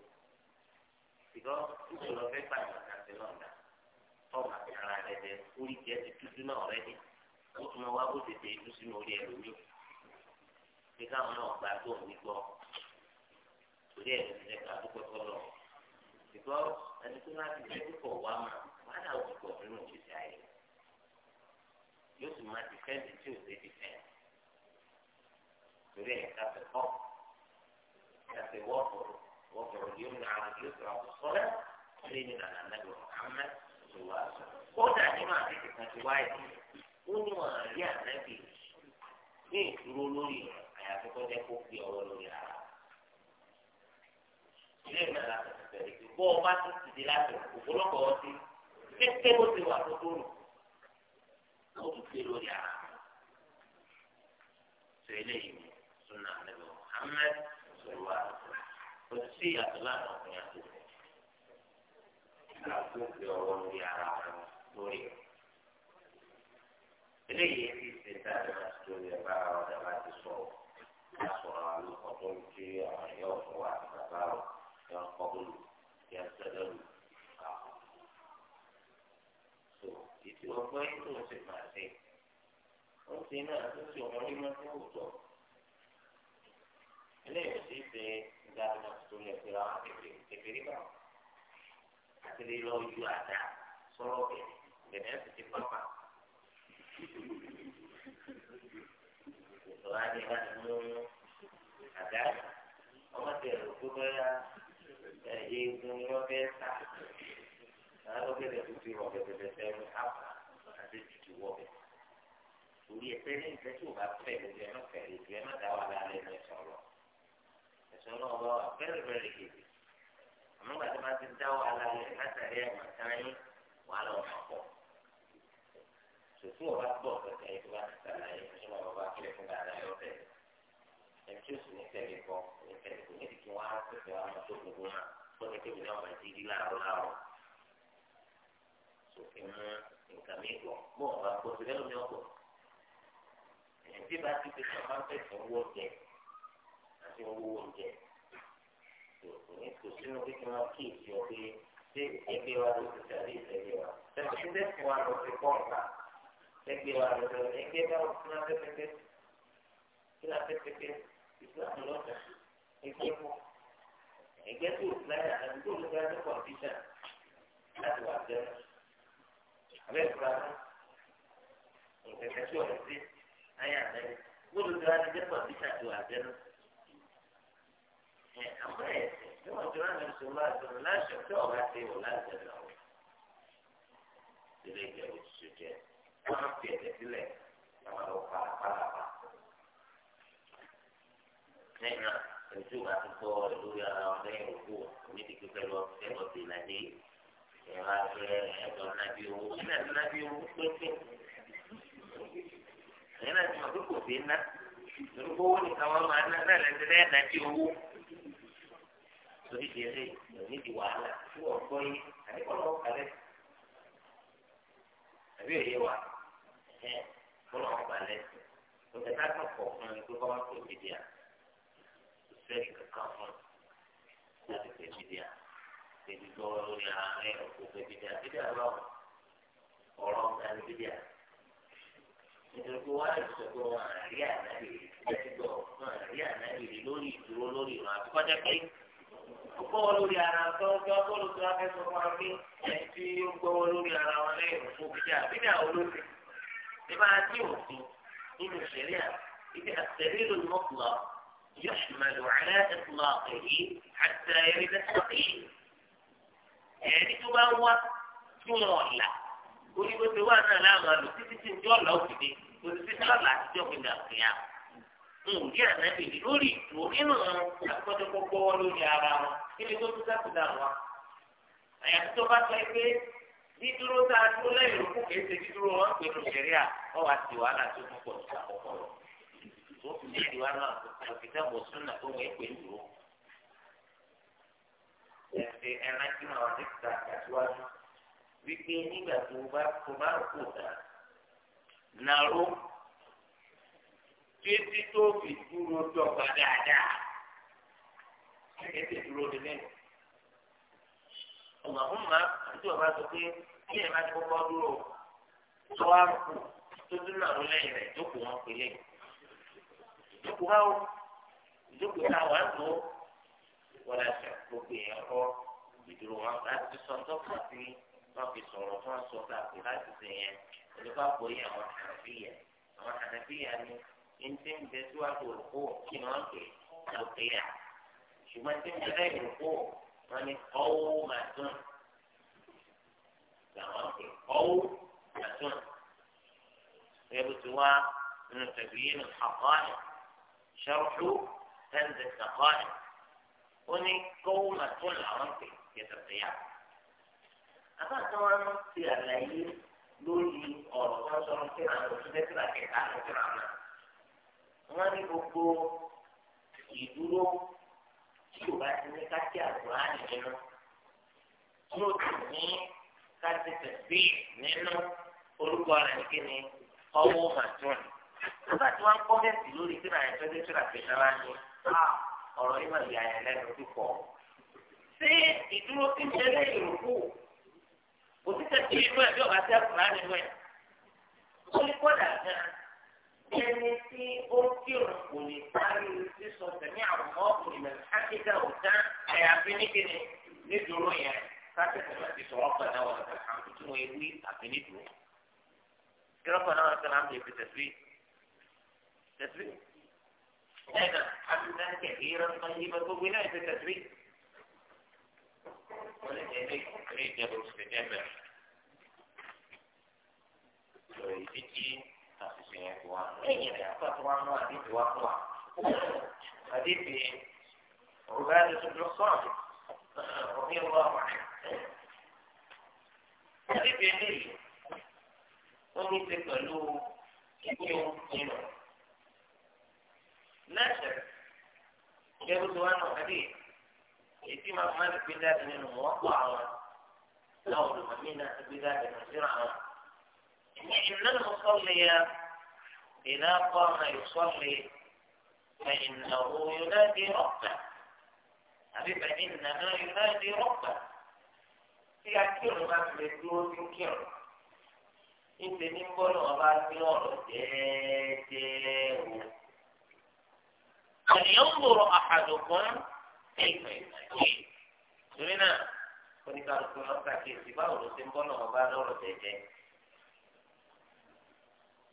ṣùgbọ́n nítorí ọ̀fẹ́ pàdé àti náà dá ọ̀gá ara rẹ̀ dẹ̀ orí jẹ́ ti tútù náà rẹ̀ dẹ̀ ó tún wá bó tètè ìlú sínú orí ẹlòmíì pé káwọn náà gbà tó ń gbọ́ torí ẹ̀ ti dẹ́ka dúpẹ́ fọlọ́ ìgbọ́ ẹni tó bá ti dẹ́kun pọ̀ wá mà wá náà ó ti pọ̀ nínú ìgbésí ayé yóò sì máa ti fẹ́ǹdì tí ò sí ti fẹ́ torí ẹ̀ ká fẹ́ kọ́ ká fẹ́ wọ́pọ̀rọ̀ wọ́pọ̀rọ̀ yóò ní àwọn yóò sọ̀rọ̀ àwọn sọ́lẹ̀ lẹ́yìn nàlànà lọ́wọ́ àmọ́ ìṣòwò àṣọ kódà nínú àti ìkànnì wáyé ó ní wọn àrí ànábì ní ìdúró lórí àyàfi kọ́ jẹ́ kó fi ọwọ́ lórí ara. ilé ìgbà láti bẹ̀rẹ̀ pé bọ́ ọba ti ti di láti ògbólọ́gbọ̀ ọtí kékeré bó ti wà tó tó rò ó tún gbé lórí ara. sọ eléyìí ni sunna ànábì Muhammad sọ̀rọ̀ wa kò sí ìyàtọ̀ láàrin ọkùnrin àti obìnrin. ìgbà tó fi ọwọ́ lórí ara wọn lórí ẹ̀ eléyìí ti ṣe dáadáa láti lórí ẹ̀bá àwọn ọ̀dàbà ti sọ̀rọ̀ lásọ̀rọ̀ àwọn olùkọ́ tó ń tí àwọn ẹ̀yọ́ ọ̀fọ̀ wa bàbá ọ̀ yọ ọkọ̀ bọ́ọ̀lù yọ sẹ́lẹ̀ lù àwọn. tó ìtì ọgbọ́n yìí tó ń ṣe máa ṣe ó ti náà tó ṣe ọmọ ní mọ́tò òótọ́ eléyìí ti ṣe dáadáa láti lórí ẹ̀bá àwọn kékeré bá àti lè lọ àdá sọ̀rọ̀ bẹ̀rẹ̀ bẹ̀rẹ̀ sì ti pàpà wọ́n á ní láti mú àdá ọmọ tẹ̀ ló kó bẹ́yà eegun ni wọ́n fẹ́ sá àwọn ọlọ́gẹ̀dẹ̀ tó fi wọ̀ bẹ̀bẹ̀bẹ̀ fẹ́ràn áfà àti tutù wọ̀ bẹ̀. torí ẹsẹ̀ ní ìfẹ́ tí o bá fẹ́ lójú ẹ̀ má fẹ́ lójú ẹ̀ má dá wà lára ẹnu ẹ̀sọ́ lọ. ẹ̀sọ́ náà wọ́n wà fẹ́rẹ̀ fẹ́rẹ̀ kéde. àmọ́ gbàdúrà ti dá wà lára látàrí ẹ̀ sòtún ọba gbọ́ kẹkẹ yìí tó bá ti sàlàyé fún ṣọlá ọba kílẹ̀ fún dáadáa yọ bẹ́ẹ̀ ẹni tí ó sì ní tẹ̀lé kọ́ ní tẹ̀lé kò ní kí wọ́n á pèsè wọn tó gbogbo náà tó ní kébì náà máa ti di láàrọ̀ láàrọ̀ sòkè mú nǹkan mi gbọ́ mọ́ ọba gbọ́ sí lẹ́nu mi ọ̀gbọ́ ẹni tí bá ti fi sọ máa ń fẹ̀sẹ̀ owó oúnjẹ àti owó oúnjẹ kò ní kò sínú pé kí wọ́n kíyèsí ọ pé ṣé ẹgbẹ́ wa ló ti tẹ̀lé ẹgbẹ́ wa lọ ẹgbẹ́ bá wọn fún afẹ́fẹ́fẹ́ kí ló afẹ́fẹ́fẹ́ islam lọ́sẹ̀ ẹgbẹ́ fún ẹgbẹ́ tó láyà àti tó ló gbára ní kọ̀m̀pútà láti wà jẹ́ abẹ́ ìfura náà ìfẹ̀fẹ́ tó ọ̀rẹ́ sí ayé àtẹ́lẹ́ tó ló gbára ní jẹ́ kọ̀m̀pútà tó wà jẹ́ náà. àwọn ẹ̀sìn tí wọ́n jọ náà lọ́sọ̀ máa sọ̀rọ̀ láṣọ tó ọ̀rẹ́ sí wọn láti ẹ̀ wọ́n fi ẹ̀jẹ̀ sílẹ̀ àwọn lọ pa pàlàpà. lẹ́yìn náà ojú wa ti gbọ́ lórí ara wọn lẹ́yìn òkú onídìí pípẹ́ lọ fẹ́rọ̀ sí ìlàjì ẹ̀rọ afẹ́ ẹ̀dọ̀ nàbí owó nílẹ̀ nàbí owó pépé. ẹ̀yìn náà ti mọ̀ pé kò sí ná lórí owó nìkan wọn máa ná náà lẹ́sẹ̀ lẹ́yìn nàbí owó. torí ìdílé onídìí wàhálà tí wọ́n gbọ́ yé àdékọ̀ọ́ àbí òye wa ẹ kọlọ wọn bá lẹsìn òtẹ ká kàn kọ fún ẹni pé kọ́ máa tó bìdí à ìfẹ́ẹ̀lì kankan fún láti pè bìdí à èdè tó wọ́n lórí ara rẹ̀ kò pè bìdí à bìdí à lọ ọ̀rọ̀ ọ̀gá ní bìdí à nítorí pé wọ́n á lè sọ pé wọ́n àrí ànáyè láti gbọ́ wọ́n àrí ànáyè lórí ìdúró lórí ìrìn àti kọjá pé gbọ́wọ́ lórí ara tó ń gbọ́ bọ́ọ̀lù tó wá fẹ́ sọ fún wa pé ẹni tí ó gbọ́wọ́ lórí ara wọn lẹ́yìn fún bìdí à bìdí à olóṣèlú. بمعنى يمكن إن الشريعة إذا السبيل المطلق يحمل على إطلاقه حتى يرد الثقيل يعني تبوا ترى لا orí bó ti wá náà láàmà lò títí tí njọ́ lọ òkìdí kò sí sí sọ́ọ̀lá àtijọ́ mi nà kìíyà ń rí ànábì lórí ìdúró nínú àkọ́jọ́ gbogbo wọn lórí ara wọn kí ni tó tún sáfù dà wọn. àyàfi tó bá sọ pé dídúró tá a dúró lẹ́yìn lókù kìí ṣe dídúró wọn pè ní sẹ̀ríà wọ́n wá sí wàhálà tó pọ̀ nípa tó wọ́n pè dúró. ẹ̀sẹ̀ wọn ti ta wípé nígbà tó o bá kó bá kó nàró títí tó fi dúró dáadáa. dúró lẹ́yìn. ọgbà fún ma tí o bá sọ pé kí ẹ máa ti kọ́kọ́ dúró tó wá kú tó dúró àrùn lẹ́yìn rẹ̀ jókòó wọn pè lẹ́yìn jókòó wá o jókòó tá a wà tó wọlé àṣà gbogbo èèyàn kọ ìdúró wọn láti sọ tó kà sí wọn fi sọ̀rọ̀ fún aṣọ tá láti sè yẹn olùkọ́ àpò yìí àwọn ànàbíyà àwọn ànàbíyà ni ẹni tí ń bẹ síwájú òkú kí wọ́n pè é ṣùgbọ́n tí ń bẹ wọ́n ní ọwọ́ màtún làwọn pè ọwọ́ màtún ẹbí tí wá nínú tẹ̀gbìyìn àkọ́ọ̀yà ṣẹ́rùṣù tẹ́ǹdẹ̀ àkọ́ọ̀yà ó ní ọwọ́ màtún làwọn pè yẹtọ̀tẹ̀yà. àbáta wọn ń ti àlàyé lórí ọ̀rọ̀ wọn sọ̀rọ̀ tí wọn àwọn òṣìṣẹ́ tí wọn kẹta àwọn tí wọn àná. wọ́n ní gbogbo ìdúró. tí o bá ti ní ká tí àgùrán nínú tí o sì ní ká ti tẹ̀sí nínú orúkọ rẹ̀ ní kíni ọwọ́ màtún. nígbà tí wọ́n ń kọ́ bẹ́ẹ̀sì lórí tí náà ẹ̀fẹ́ tẹ́tí rà pẹ̀lú ara ni ọ̀rọ̀ yìí máa yà ẹ̀ lẹ́nu púpọ̀. ṣé ìdúró tí ń tẹ́lẹ̀ ìrùkù kò sí tẹ̀sí inú ẹ̀ bí ọ̀gá tẹ́ àgùrán nínú ẹ̀ ó ní kọ́dà gan ẹni tí ó kírun kò lè parí sísọ tẹ̀mí àwọn ọkùnrin mẹ́rin ákéjà òjá àyàfi nígbìnrin nídúró yẹn káṣíkò náà ti sọ̀rọ̀ pẹ̀lú àwọn ọ̀sẹ̀ àti tí wọ́n ewé àfi nídúró. kílọ̀pọ̀ náà sọ̀rọ̀ àmì ìfi tẹ̀sí. tẹ̀sí. ẹ̀nà àbíkán kẹ̀kẹ́ ìrọ̀ kan yí bẹ́ẹ̀ gbogbo iná ìfi tẹ̀sí. wọ́n lè jẹ́ ilé ìjẹ́ yẹn ti wá lẹ́yìn rẹ̀ àpá tó wá mú àdìsí wá fún wa. àdìsí ọ̀gá ni tuntun sọ̀rọ̀ òní wà wà. àdìsí eléyìí ó ní ti pẹ̀lú kíkí ohun nínú. lẹ́sẹ̀ ìjẹ́bú tó wá nù àdìsí ètí máa máa ń gbé jáde nínú wọ́n pa àwọn náà olùmọ̀mí náà ti gbé jáde nínú síra àwọn. إن المصلي إذا قام يصلي فإنه ينادي ربه أبي فإنما ينادي ربه في أكل ما تريدون ينكر إنت من بول وغاد نور فلينظر أحدكم كيف ينادي سمعنا ونكاركم أبتاكي سباو لسنبول وغاد نور جيجي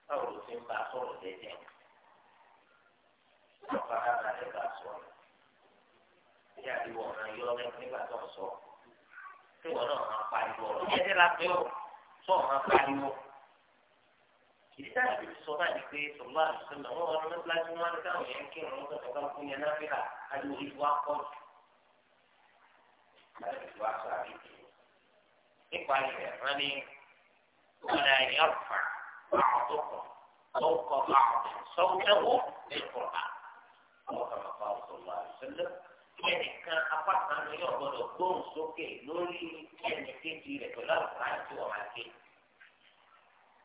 báwo ló ti ń bá a sọ̀rọ̀ déédéé ọ̀pá dára rẹ̀ bá a sọ̀rọ̀ ìyá ìwọ ọ̀ràn yọ nígbà tó ń sọ tí wọn náà máa pariwo ọ̀rọ̀ jẹ́jẹ́ lápẹ́ ò tó ọ̀ máa pariwo. ìdíjà ìbí ti sọ báyìí pé sọlá àdìsọ́nà wọn wọn nípa tí wọn ní káwọn yẹn kí wọn tọ̀tọ̀ ká fún yẹn náfìlà àdìwò ìlú akọ́jù. àdìwò aṣọ àbíkì nípa ilẹ̀ wọn ni wọn náà بعضكم فوق بعض صوته للقرآن أو كما قال صلى الله عليه وسلم يعني كان أفضل أن يعبد الكون سوكي لوري يعني كيجي لكل القرآن سوى ما كيجي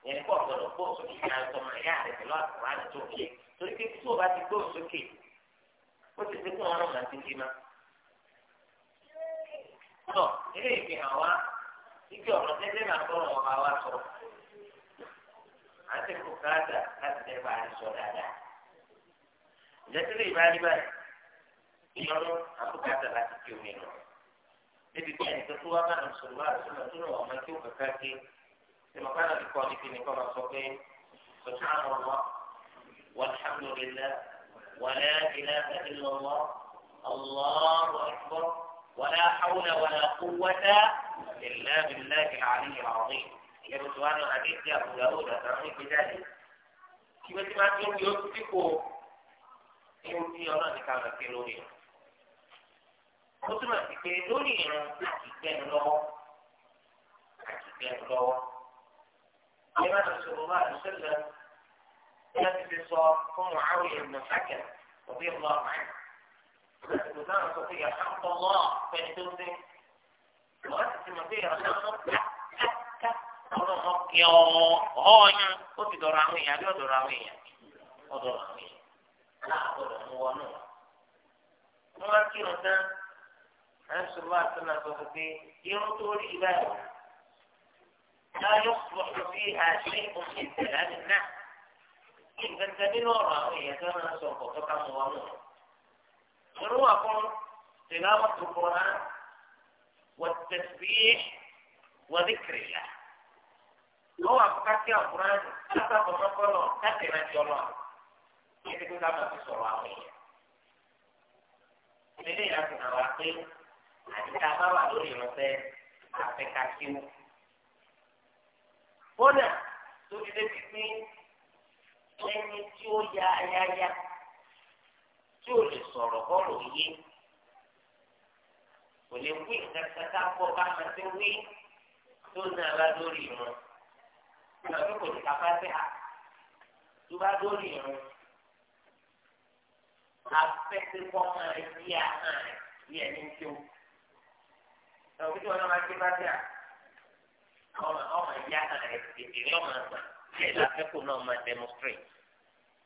يعني كو أفضل الكون سوكي كان ثم يعني لكل القرآن سوكي torí pé tí o bá ti gbóòrò sókè ó ti ti kún ọrùn náà ti ń bímá. tọ́ ilé ìfihàn wa ike ọ̀rọ̀ tẹ́tẹ́ náà gbọ́rọ̀ ọba wa sọ̀rọ̀. àti bùkátà láti lè bá a sọ dáadáa. ìjẹ́sí lè bá rí báyìí ìyọnu àbùkátà láti kí omi lọ. níbi tí ẹnìkan tó wá bá nà sọ̀rọ̀ bá sọ̀rọ̀ tó nà ọ̀mọ tí ó kàkà sí ìmọ̀ká náà ti kọ́ ní kí ni kọ́ máa sọ pé سبحان الله والحمد لله ولا إله إلا الله الله أكبر ولا حول ولا قوة إلا بالله العلي العظيم ẹnu tó wà nù àdéhùn àbúrò àwọn ọ̀dà àwọn ìgbésẹ̀ àdé ìwé tí máa tó ń yọ sí kò ewu tí ọlọ́ọ̀ni ká lọ sí lórí rẹ̀ ó túmọ̀ sí pé lórí ìrún àti ìgbẹ́nu lọ́wọ́ àti ìgbẹ́nu lọ́wọ́ ẹ má lọ sọ̀rọ̀ wá àdúgbò ẹ ti fi sọ fún àwọn èèyàn sákẹ̀ òbí ọmọ ọmọdé ìgbésẹ̀ àwọn sọ pé yàtọ̀ ń dé wọ́n ti ọlọ́mọ kí ọ ọ̀ọ́yán ó ti dọ̀rọ̀ àwọn èèyàn àbí ọ̀dọ̀rọ̀ àwọn èèyàn ọ̀dọ̀rọ̀ àwọn èèyàn láàbọ̀dọ̀ mú wọn náà. wọ́n wá kí wọn tán àìsùnmọ́ àtúnà sọ fún pé irun tó rí i báyìí láyé pọ̀jù bí àṣẹ òfin ìtẹ̀lá mi náà kí nǹkan kan nínú ọ̀rọ̀ àwọn èèyàn tó máa sọ ọ̀pọ̀ tó ká mú wọn náà. irun wà fún tìláwọ̀ tó kọ̀ wọ́n wà fún kákí àkùrán kápá kọ̀mọ́kọ́lọ̀ káàkiri rántí ọlọ́ yẹn ti kó ká máa fi sọ̀rọ̀ àwọn èèyàn. ìdílé yàrá ti hàn wá pé àdìgbà bá wà lórí ìrọ̀sẹ́ àfẹ́kákíw. bọ́dà tó ti dé pípé ẹni tí ó ya ayáyá tí ò lè sọ̀rọ̀ bọ́ọ̀lù yé kò lè wí ìdásáká bọ́ bá máa ti wí tó ní alá lórí ìgbàgbọ́ kò ní kápá sí ha tó bá dórí irun afẹ́sẹ̀kọ́ máa yí àná rẹ̀ bí ẹni ń tó ẹ̀rọ bí wọn máa ké bá sí à ọmọ yí àná rẹ̀ èdè ọmọ àgbà tí ẹ̀ láfẹ́kọ̀ náà máa demonstrate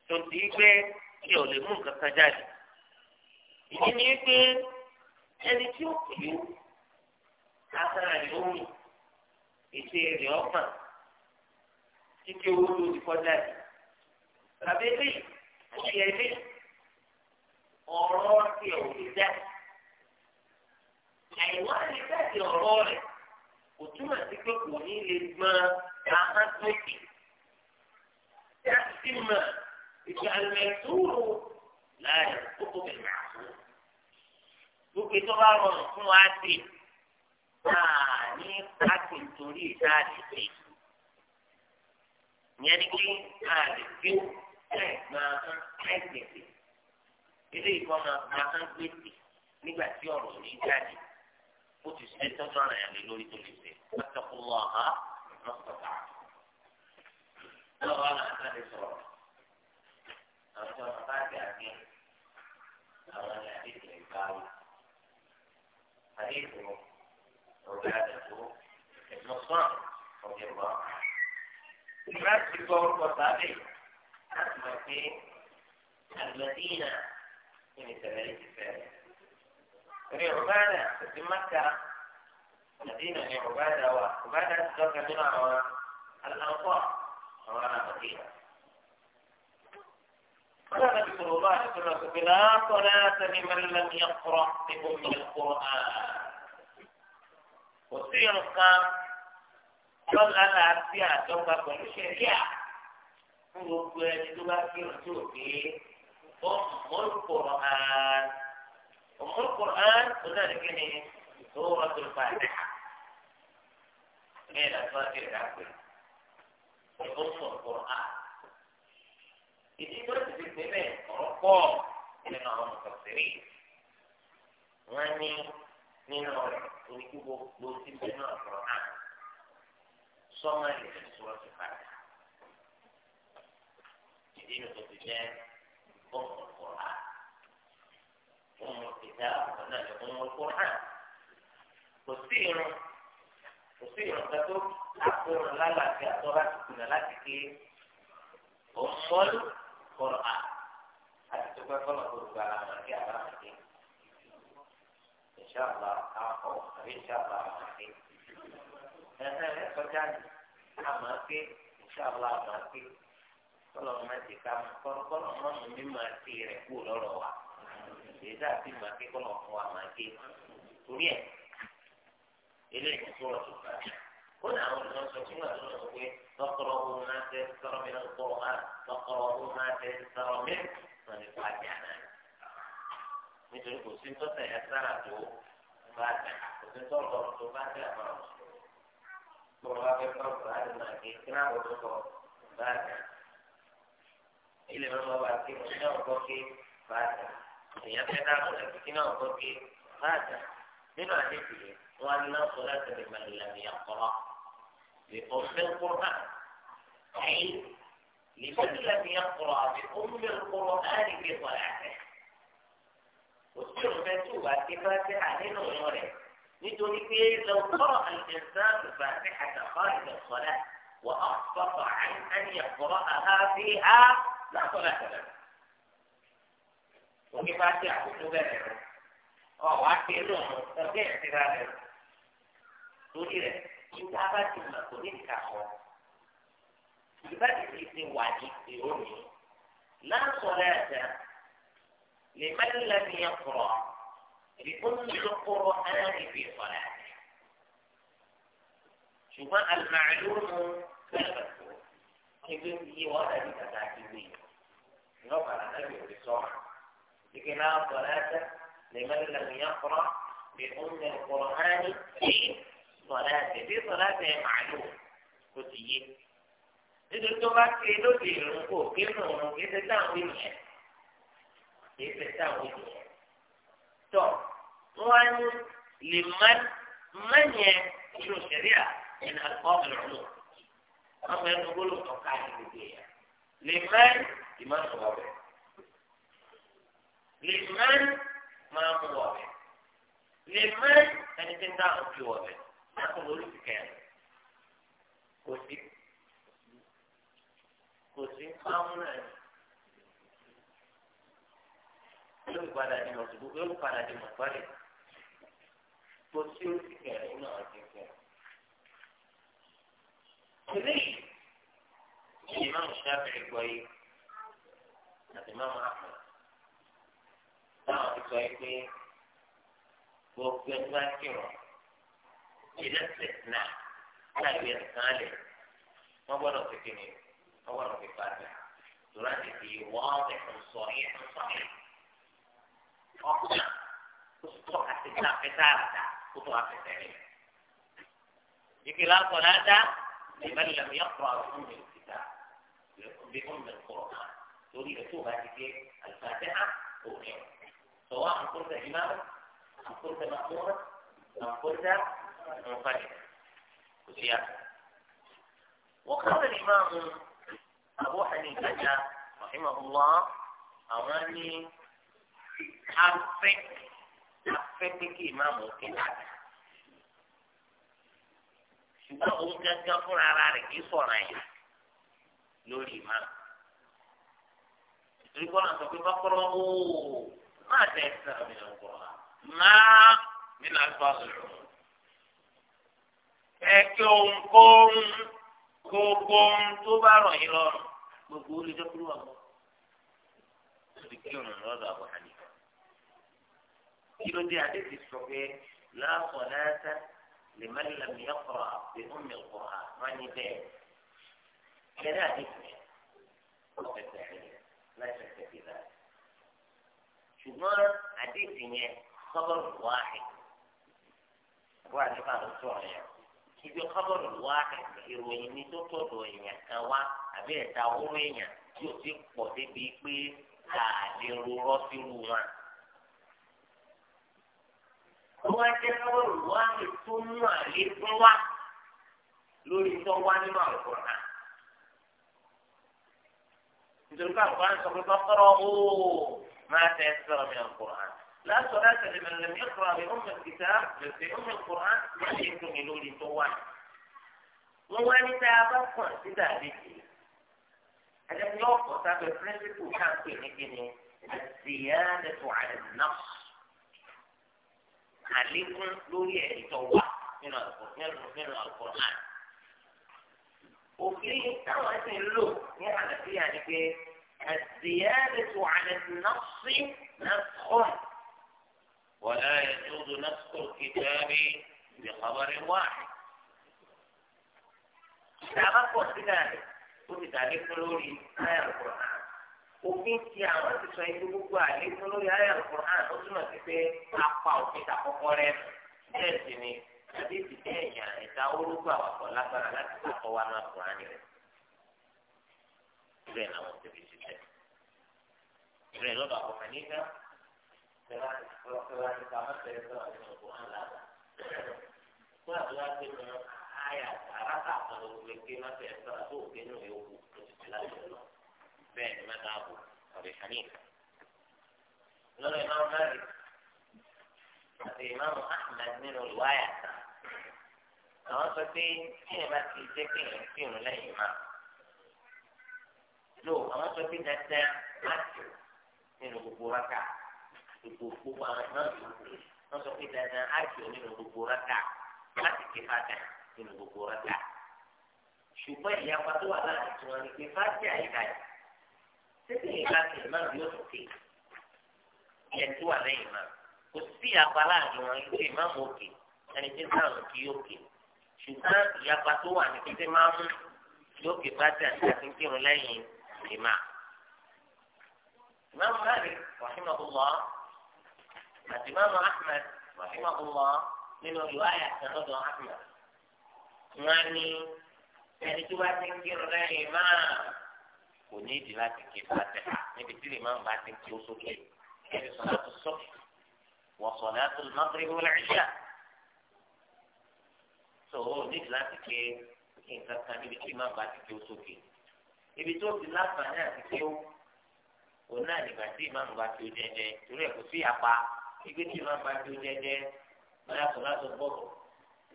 tó ti gbé kí o lè mú nǹkan kan jáde ìdí ni pé ẹni tí ó kì í àtàrà ìlú mi ètè rẹ̀ ọ̀gbọ̀n kíkẹ́ owó tó ti kọjá yìí. Tàbí ilé ìṣe ilé ọ̀rọ̀ ti ò lè dá. Àìwá lè dáàbì ọ̀rọ̀ rẹ̀ kò túmọ̀ sí pé kò ní lè gbọ́n ahọ́n tó kì. Dáàbì mọ̀ ìgbàlẹ̀ ìṣòro láàyè kókó bẹ̀rẹ̀ àbúrò. Gbogbo ètò bá rọrùn fún wa dé. Náà ní pàtó nítorí ìdáàbì bẹ́ẹ̀ ìyẹn ni pé a lè gbé láì máa hàn láì tẹ̀sẹ̀ eléyìí kọ́ máa máa hàn gbèsè nígbà tí ọ̀rọ̀ ní jáde ó ti ṣe tọ́jú ara yẹn lórí tó lè ṣe pátákùlọ̀ ha lọ́sọ̀tà. lọ́wọ́ àwọn àtàlẹ́ sọ̀rọ̀ àwọn tí wọ́n bá dé àgbẹ̀ àwọn ní àdéhùn ìbáwí àdéhùn ọ̀gá àdàtò ẹ̀sùn sọ́ọ̀n ọ̀gá ìbáwí. láti gbọ́ orúkọ sábẹ́ láti mọ̀ pé àgbàdìyàn ní ìṣẹ̀lẹ̀ yìí ti fẹ́rẹ̀. Rí ọ̀bádà àti Máka Màdínà ni ọ̀bádà wà. Ọ̀bádà ti dọ́ka nínú àwọn aláǹkọ́ àwọn aláǹkọ́dìyà. قال النبي صلى الله عليه وسلم لا صلاة لمن لم يقرأ بأم القرآن وسيرك lọ́la làásìá àtọ́gba pẹ̀lú ṣẹ̀ríà fún gbogbo ẹni tó bá kí ọjọ́ òbí ọmọlùkọ̀rọ̀ án ọmọlùkọ̀rọ̀ án tó náà nìkan ni owó ọtún fàdé bẹ́ẹ̀ làtọ́ àti ẹ̀dá pé ọmọlùkọ̀rọ̀ án ìdí tó ti fi pé ọ̀rọ̀ pọ̀ nínú àwọn ọ̀sẹ̀rì wọ́n ní nínú rẹ̀ oníkú gbogbo tí bẹ́ẹ̀ náà sọ̀rọ̀ náà sọ́mọ́ ìrìn ìṣòwòsì padà. Ìdí ni kò ti jẹ́ bọ́ọ̀mù kọ̀ọ̀há. Bọ́ọ̀mù ìdá àwọn náà ni bọ́ọ̀mù kọ̀ọ̀há. Kò sí irun kò sí irun kan tó àkóràn lálàáfíà tó bá ti kùnà láti ké òmùmọ́lù kọ̀ọ̀há. Àti tó pẹ́ kọ́lọ̀ tó gba àwọn àti àbámu ké. Ìṣàlá àkọ́ àbí ìṣàlá àkọ́ ẹ̀hẹ́ ẹ̀ sọ́jà ni a máa pé ìṣàlọ́ a máa pé kọ́lọ̀ máa ti ká kọ́lọ̀ máa mú mi máa ti rẹ̀ kú lọ́rọ̀ wa èyí tá a ti máa pé kọ́lọ̀ fún wa máa pé torí ẹ̀ eléyìí tó rọ̀ tó fà á. هنا أول ما تقرأوا ما تيسر من القرآن تقرأوا ما تيسر منه ونفعل يعني مثل كسين تسيسر تو فاتحة كسين تسيسر تو فاتحة صلوات الفرض هذا ما في كلام وتصور فاتح إلى ما هو بعد كده كنا وقولك فاتح يبقى تعمل لك كنا وقولك فاتح بما نفيه وأن لا صلاة لمن لم يقرأ بأم القرآن أي لمن لم يقرأ بأم القرآن في صلاته وتصير فتوى كفاتحة لنوره nítorí pé lọ́kọ́rọ̀ àìsàn fàtíhàtà kọ́rìdà sọ́lá wà á fọ́tọ̀ àìsànyà kọ́rọ̀ àhá sí á lọ́sọ̀lá sọ̀lá. Òní bá ti àkókò bẹ̀rẹ̀ rẹ̀. Ọ̀ wá sí inú ọ̀gá ìsira rẹ̀. Lórí rẹ̀, ìta bá ti mọ̀ kò ní ìka kọ́. Ìbá ti ti ti wà ní ìhónì. Lọ́sọ̀lá ẹ̀dá lè mẹ́rin lẹ́nu yẹn kọ̀rọ̀. بأم القرآن في صلاته شوف المعلوم كالمذكور ابن دي ولد تتعجبين نظر النبي بسرعة لكن لا صلاة لمن لم يقرأ بأم القرآن في صلاته في صلاته معلوم كتير إذا tó bá ké lóde ìrún kò ké mọ òun kì í ṣe فرعا لمن من يشوف الشريعة من ألفاظ العلوم أما يقولوا توقعات البدية لمن لمن هو به لمن ما هو به لمن أن يعني تندعوا في ما نقول في كلام كوسي كوسي قامنا يقول بعد أن يوصلوا يقول بعد أن يوصلوا kò sí oṣù kẹrin náà kẹkẹ. eléyìí ní ìmáàmù Ṣáfi'í gbọ́ yìí àti ìmáàmù Ahmad táwọn ti sọ pé gbogbo ẹgbẹ́ kírun ìlẹ́sẹ̀ náà láìpẹ́ nǹkan lẹ̀ wọ́n gbọ́dọ̀ fi kíni wọ́n gbọ́dọ̀ fi padà tura ti fi wọ́n ẹ̀sùn sọ yẹn sọ yẹn ọkùnrin ó sọ àti gbà pẹ́tà àdá. كتب التاريخ ذكر صلاة لمن لم يقرأ بأم الكتاب بأم القرآن تريد توبة في الفاتحة أوكي سواء كنت إماما أم كنت مأمورا أم كنت منفردا وزيادة وقال الإمام أبو حنيفة رحمه الله أراني حرفك afẹ́ pé kí ìmáàmù kí láti. ṣùgbọ́n òun gángan fúnra ara rẹ̀ kì í sọ̀rọ̀ ẹ̀yà lórí ìmáàmù. nítorí kọ́nà sọ pé bákọ́rọ́ ooo máa tẹ̀ ẹ́ sẹ́ra mi lọ kọ́ wa máa mi náà gbọ́ ọ̀rọ̀. ẹ kí ohun kó ohun gbogbo ohun tó bá rọ̀ yín lọ́rùn gbogbo olùjọ́ àwọn. Olùkí òun lọ́dọ̀ àwọn kí ló dé adé ti sọ pé láàpọ̀ láàtà lè má lè mi ọkọ̀ àti omi ọkọ̀ àmánì bẹ́ẹ̀. ẹ̀rẹ́ àdé tẹ̀ ó fẹsẹ̀ rẹ̀ láì fẹsẹ̀ bí rà. ṣùgbọ́n adé ti yẹn kọ́bọ̀rù wáhì. àbúrò àdébà ló sọ̀rọ̀ yẹn. ibi kọ́bọ̀rù wáhì ìròyìn ni tó tọ̀dọ̀ èèyàn kan wá àbí ẹ̀ta owó èèyàn tí ti pọ̀ débi pé àlè rọ́ọ̀sì rú wọn. wọ́n jẹ́ káwọn olùwà mi tó mú àlékún wá lórí tó wá nínú àwùjọ náà. nítorí pé àwùjọ náà sọ pé bákọ́rọ̀ ó máa tẹ̀ sọ̀rọ̀ mi àwùjọ náà. lásán láti lè mẹ́rin mi kọ́ àmì ọmọ ìgbìta lèsè ọmọ ìgbìta wọ́n lè dùn mí lórí tó wá. wọ́n wá ní tá a bá kàn sí dàbíjì. àjẹmí ọkọ̀ sábẹ́ píríncípù náà pè ní kíni àti ìyá àlékún lórí ẹ̀rí tó wà nínú àlùkòrán. òfin táwọn ẹ̀sìn ń lò ní àlàfíà ni pé الزيادة على النص نسخ ولا يجوز نسخ الكتاب بخبر واحد تعرفوا كذلك كنت تعرفوا لي آية القرآن òfin ti àwọn ti sọ ibi gbogbo àlékún lórí ayé alukur'an ó túmọ̀ sí pé apá òfin ta kọ́kọ́ rẹ bẹ́ẹ̀ sì ni àbí ti bẹ́ẹ̀ yàn ẹ̀dá orúkọ àwàkọ̀ lágbára láti kọ́kọ́ wá náà kùrán ni rẹ̀ bẹ́ẹ̀ làwọn ti fi ṣiṣẹ́ ìrẹ̀ lọ́dọ̀ àwọn mẹ́nìkà tẹ̀lá tẹ̀lá ní ká má tẹ̀lé tẹ̀lá ní ọ̀gbọ̀n àlàbà fún àdúrà bẹ́ẹ̀ ni mẹ́ta àbò ọ̀rẹ́ hanifa lọ́dọ̀ ìmáàmù malik àti ìmáàmù ahmed nínú ìwáyà kan àwọn sọ pé kíyàn bá ti jẹ́ kéèyàn kírun lẹ́yìn máa lò àwọn sọ pé dandan láti nínú gbogbo rákà gbogbo àwọn náà wọ́n sọ pé dandan láti nínú gbogbo rákà láti ké fàtà nínú gbogbo rákà ṣùgbọ́n ìyapa tó wà láti tí wọ́n ní pé fàtà yìí láyìí tẹ́tẹ́ yìí láti ìmọ̀ yóò tó ké ẹ̀ tó wà lẹ́yìn mọ́ kò sí ìyapa láàrin wọn yóò ké máa mú òkè ẹni tí ń sàrùn kí yóò ké ṣùgbọ́n ìyapa tó wà ní títí máa mú yóò ké bá tẹ̀ àti àti ń kírun lẹ́yìn ìmọ̀. ìmọ̀ mọ́lẹ̀ rahimahullah àti ìmọ̀ ahmed rahimahullah nínú ìlú ayà kan lọ́dọ̀ ahmed wọ́n ní ẹni tó bá ti ń kírun lẹ́yìn ìmọ̀ kò ní ìdí láti ké fàtẹ́hà níbi tí lè máa ń bá ti kí ó sókè ẹni sọ̀láàtù sọ́ọ̀kì wọ́n sọ̀láàtù mọ́tìrì wọlé ẹ̀ṣá tó o ní ìdí láti ké nǹkan kan níbi tí lè máa ń bá ti kí ó sókè ibi tó ti láǹfààní àti kí ó òun náà nígbà tí ìmáàmù bá ti ó jẹjẹ torí ẹ̀ kò sí apá ibi tí ìmáàmù bá ti ó jẹjẹ wọ́n yà sọ̀láàtù bọ́ọ̀lù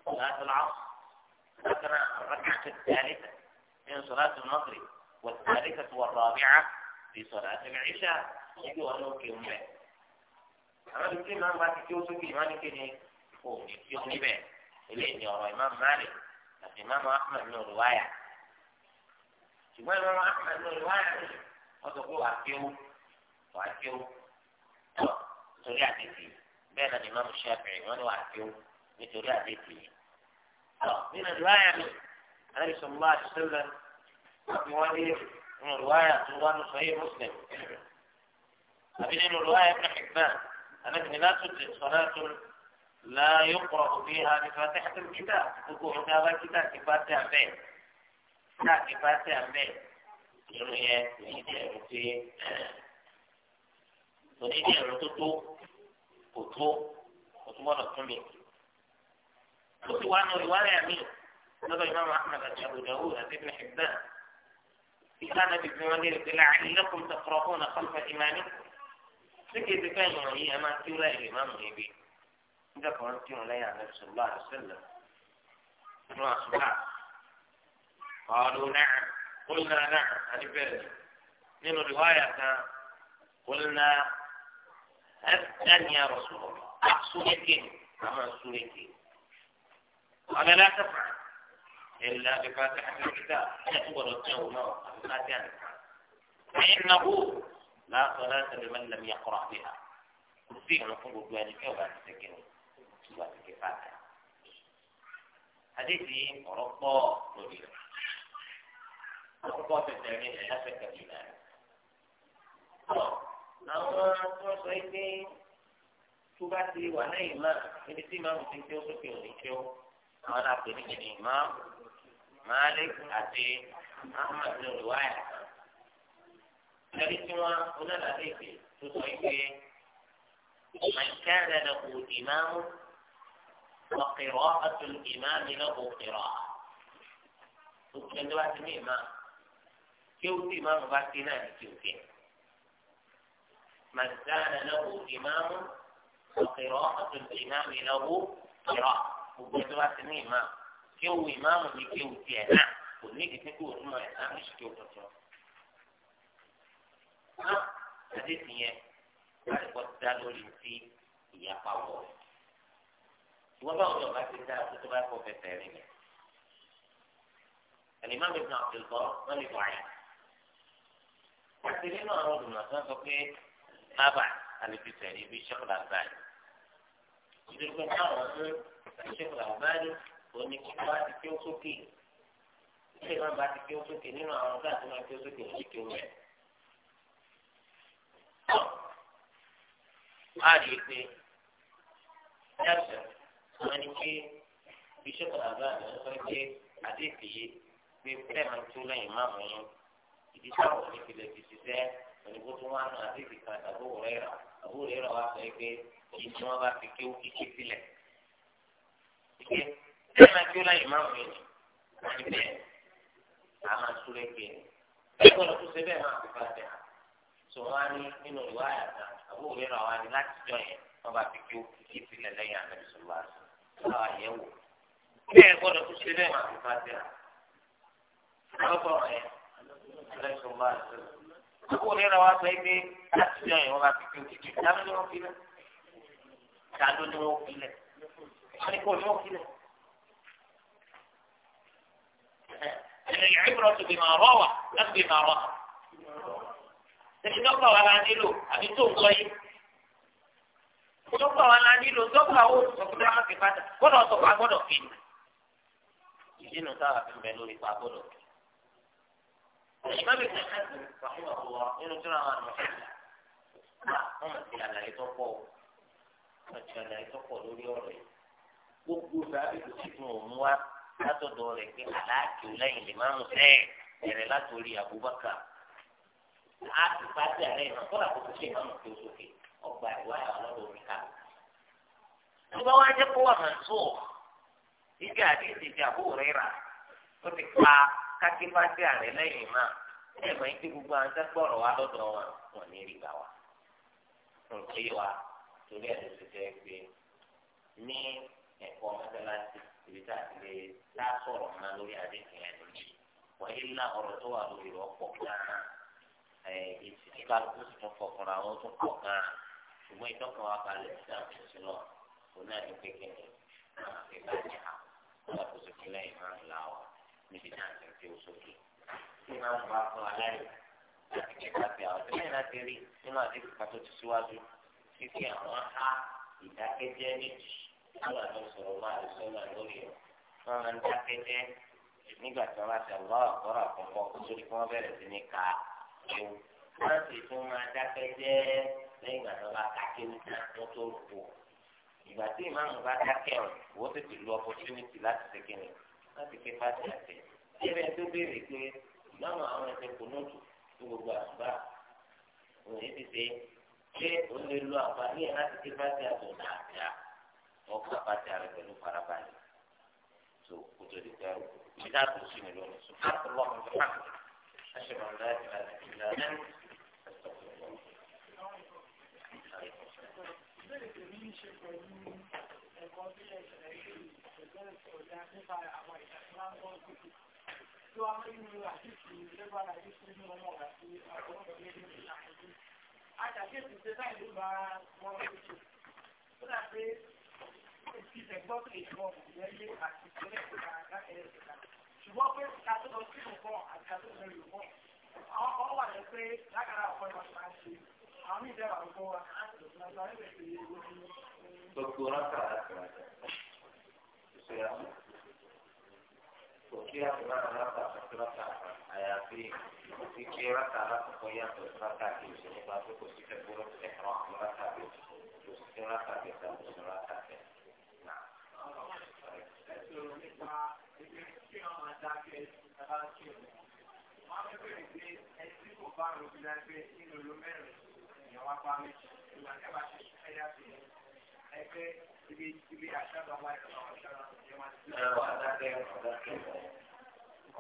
sọ̀láàtù làwọn sọ̀láàtù náà والثالثة والرابعة في صلاة العشاء يجي ونوكي أمه أما تقول ما ما تجوز في ما نكني قوم يكيوني به إليه يرى إمام مالك لكن إمام أحمد من رواية ṣùgbọ́n ìmọ̀ ahmed ló wá ní wọ́n sọ pé wàá kéwú wàá kéwú tọ̀ nítorí àdéhìí bẹ́ẹ̀ náà ni imam shafi'i wọ́n ní wàá kéwú nítorí àdéhìí tọ̀ nínú ìlú ayà mi aláìsàn lọ́wọ́ àdìsọ́lẹ̀ àbí wọ́n lé nínú ìwáyà tó wá nù sọ́yé muslim àbí nínú ìwáyà ibn hibban àlẹ́kùnrin láti tẹ̀ sọ́nà tó la yuqra'u fiha bi fatihati al-kitab gbogbo ọ̀gá bá kíkà ti bá tẹ̀ abẹ́ kíkà ti bá tẹ̀ abẹ́ ìrù yẹn kò ní jẹ́ ìrù tí kò ní jẹ́ ìrù tó tó kò tó kò tún mi. ó sì wá nù ìwáyà mi lọ́dọ̀ ìmáàmù ahmed àti àti ibn hibban. كان بالزمانير لعلكم تقرؤون خلف إمامكم سكي بكان وهي ما تولى الإمام غيبي إذا كنت تولى يا النبي الله عليه وسلم قالوا نعم قلنا نعم هذه بيرني من رواية قلنا أذن يا رسول الله أحصلك أما أحصلك قال لا تفعل إلا بفاتحة الكتاب يقبل التوبة الفاتحة فإنه لا صلاة لمن لم يقرأ بها كثير نقول بذلك وبعد سكن سورة الفاتحة حديثي مرقى نبيل مرقى في التعليم لا شك في ذلك àwọn tó sọ yìí pé tó bá ti wà lẹ́yìn náà ibi tí màmú ti ń tí ó sókè òní tí ó àwọn àpè nígbè Malik àti Ahmad ní olùwáyà lórí tí wọn onílàlẹ́gbè tó sọ pé màkàdà lè kó ìmáàmù ọ̀kìrọ̀ ọ̀tún ìmáàmù lọ́kọ̀ ọ̀kìrọ̀ òkè ló bá ti ní ìmáàmù kí ó sì ìmáàmù bá ti náà ti òkè màkàdà lè kó ìmáàmù ọ̀kìrọ̀ ọ̀tún ìmáàmù lọ́kọ̀ ọ̀kìrọ̀ òkè ló bá ti ní ìmáàmù. kéwù ìmáàmù ní kéwù tiẹ̀ náà kò ní ìdí pípé òun mọ̀ ẹ̀ka méjì tó tuntun. náà adé ti yẹn láti kọ́ dá lórí ti ìyapa wọ̀ rẹ̀. ìwọ́n bá òun ọ̀gá ti dá tó bá kọ́ fẹsẹ̀ rìn rẹ̀. الإمام ابن عبد البر من ضعيف حتى لنا أراد من أسان فقه أبع الابتساري في الشيخ الألباني يقول لكم أراد الشيخ الألباني òní kí wọ́n bá ti kí ó sókè ilé wọn bá ti kí ó sókè nínú àwọn ọ̀gá àti wọn kí ó sókè ní kí ó rẹ̀. a rí i pé ẹ̀sẹ̀ wọn ni pé bíṣọ́pù àgbà mi sọ pé àdéhùn yìí pé bẹ́ẹ̀ máa tó lẹ́yìn máàmù yín ìdí táwọn onífilẹ̀ ti ṣiṣẹ́ onígbó tó wọn náà àdéhùn kan àbúrò rẹ̀ rà àbúrò rẹ̀ rà wá sọ pé kí ni bá fi kí ó kíkí sílẹ̀ ṣé máa kí ó láyè máa wọ̀ yìí wọ́n ní bẹ́ẹ̀ a máa súré pé ẹgbẹ́ ló tún ṣe bẹ́ẹ̀ máa fipá bẹ́ẹ̀ sọ wá ní nínú ìwà àyàtà àbúrò rẹ̀ wá ní láti jọ yẹn wọ́n bá fi kí ó kí sílẹ̀ lẹ́yìn àmẹ́bí sọ̀rọ̀ àti ọ̀rọ̀ àyẹ̀wò bẹ́ẹ̀ ẹgbẹ́ ló tún ṣe bẹ́ẹ̀ máa fipá bẹ́ẹ̀ lọ́kọ̀ rẹ̀ àmẹ́bí sọ̀rọ̀ àti àbúrò rẹ̀ wá sọ pé láti jọ yẹn wọ́n bá fi kí ó kí sílẹ̀ lẹ́yìn àmẹ́bí sọ̀rọ̀ àti ọ̀rọ̀ àyẹ̀wò العبرة بما روى لا بما روى tẹ̀síntọ́pọ̀ wa la nílò àbí tó ń gbọ́yé tọ́pọ̀ wa la nílò tọ́pọ̀ àwọn òṣìṣẹ́ wa fi padà gbọ́dọ̀ sọ pé a gbọ́dọ̀ fi ìdínà táwa fi mẹ́ lórí pa gbọ́dọ̀ fi. ìgbà mi kàn án fàfún ọ̀wọ́ nínú tí wọ́n máa nọ wọ́n máa ti àlàyé tọ́pọ̀ wọ́n máa ti àlàyé tọ́pọ̀ lórí ọ̀rọ̀ yìí gbogbo sábẹ́ kò sí fún òun wá látọ̀dọ̀ rẹ̀ pé aláàkì lẹ́yìn lè máa ń fẹ́ bẹ̀rẹ̀ látòrí Abubakar á ti pàṣẹ àárẹ̀ náà kọ́lá kó tó ṣe ìmáàmù tó sókè ọgbà ìwáyà ọlọ́dọ̀ orí ká. tó bá wá jẹ́ kó wà máa tó ìgbà àti ìdíje àbúrò rẹ̀ rà ó ti pa kákí pàṣẹ àárẹ̀ lẹ́yìn náà ẹ̀ mọ̀ ní kí gbogbo àwọn sẹ́gbọ̀rọ̀ wa lọ́dọ̀ wọn ní ìrìgbà wa. nǹkan yìí wa ti fẹ́ ibi tá a ti lè lásọ̀rọ̀ mọ́ lórí àdéhùn yẹn lórí wọ́n yé ńlá ọ̀rọ̀ tó wà lórí ọ̀pọ̀ gan-an èsì tí kálukú sì tún fọkànra wọn tún pọ̀ gan-an ṣùgbọ́n ìtọ́kàn wa balẹ̀ sí àtúnṣe lọ òun náà ní kékeré náà fi bàjẹ́ àwọn alákòóso kílẹ̀ ìmáà ńlá wa níbi náà ti ń fi sókè. tí máa ń bá fún aláìní láti kẹta fi àwọn tẹ́lẹ̀ náà ti rí nínú àdéhùn sábà tó sọ̀rọ̀ wá àdìsọ́nà lórí ẹ̀ wọ́n máa ń dá kété nígbà tí wọ́n bá ṣe lọ́ àkọ́rọ̀ àkọ́kọ́ kó tó di kí wọ́n bẹ̀rẹ̀ sí ní ka ewu wọ́n sì tún máa dá kété lẹ́yìn ìgbà tí wọ́n bá ka kéwù tó tó rò ìgbà tí ìmáàmù bá dákẹ́ ọ̀ wọ́n sì ti lu opportunity láti ṣe kíni láti ké pàṣẹ àtẹ. ẹ̀rẹ́ tó béèrè pé ìmáàmù àwọn ẹ̀sẹ̀ kò nóòtù ní gbogbo àṣùbà òun yìí ti ṣe ṣé o lè lo àǹfààní ẹ̀ láti ké pàṣẹ àtọ̀ dáadáa ọkọ àbájá rẹ pẹ̀lú farabalẹ̀ tó kó tó di dẹrù ìdá tó sì ní lónìí tó ká tó lọ kó ká aṣọ àwọn ọ̀dà ìlà ìlà ẹni ẹsọ tó lọ. Tí wọ́n á ń lo àdìsí lẹ́gbàá àdìsí nínú ọmọ ọ̀gá sí àwọn ọ̀gá méjì ní àdìsí. Àjàkí èsì ṣe láì ló bá wọn lóṣù. Ó dà pé ṣùgbọ́n pé kàtó lọ sí ìrùkọ́ àti kàtó lọ ìrùkọ́ àwọn kan wà ní pé lákàrà ọ̀pọ̀ ìwà máa ń ṣe àwọn ìjọba àgbọ̀ wa àgbà ẹgbẹ̀ tó gbogbo rákà rákà rákà ṣe àmì kò kí àtúrà kì í ṣe nípa pé kò sí kẹ́kọ̀ọ́ ẹ̀rọ àwọn rákà bẹ̀rẹ̀ kò sí rákà bẹ̀rẹ̀ kò sí rákà bẹ̀rẹ̀ sọ̀rọ̀ nípa ẹgbẹ́ tí wọ́n máa dákẹ́ ìjọba ṣe. Wọ́n á bẹ̀rẹ̀ pé ẹni tí kò bá rò bíi lágbẹ́ nínú ìlú mẹ́rin ìyàwó apá méjì ìwà tí a bá ṣe ẹ̀yà sí ẹgbẹ́ ibi ibi àṣà bàbá ìjọba ọ̀ṣọ́ ìjọba ti dùn. Ẹ̀rọ adákẹ́ ọ̀dákẹ́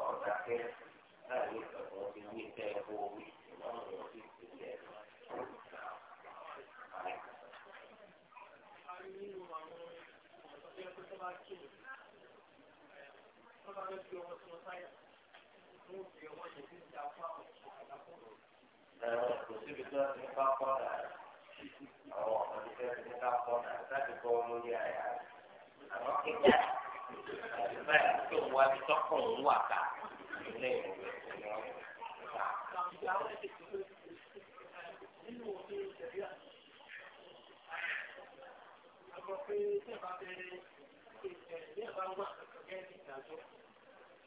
ọ̀dákẹ́ láàrin ìgbàgbọ́ ẹ̀rọ Thank you.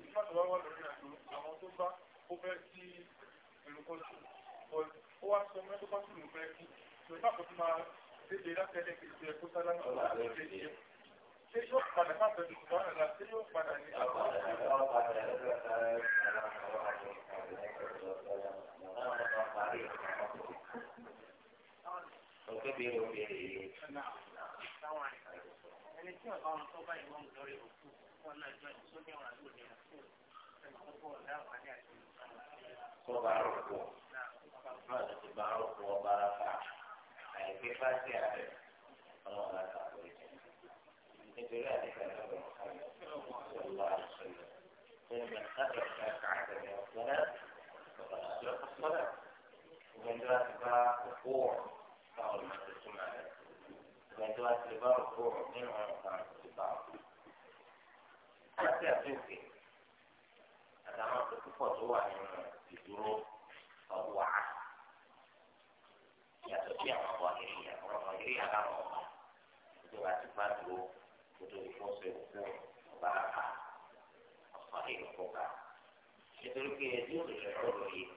nígbàtí wọ́n wà lórí àjò àwọn tó bá ó fẹ́ kí ìrùkọ́sù ó wá sọ mẹ́tọ́ bá sì ló fẹ́ kí ṣe lápò tí máa dédé látẹ́lẹ̀ kì í ṣe kó sálá náà wà lórí ṣe yìí. Ẹni tí ọ̀gá ọ̀run tó bá ìwọ̀n lórí òkú. Sọ́ba arúgbó, wọ́n ti bá òkú ọ̀ nínú ọ̀sán ti bá òkú àti àtúnṣe àtàwọn akẹ́kọ̀ọ́ tó wà nínú ìdúró ọ̀wà yàtọ̀ sí àwọn ọmọ ìrìyà àwọn ọmọ ìrìyà láwọn ọmọ ìjọba ti bá dúró kótó ìfọ́sẹ̀ òkú ọba àpá ọ̀sán ìrọ̀kọ̀ọ̀ká nítorí pé ẹbí òṣèlú ọ̀rọ̀ yìí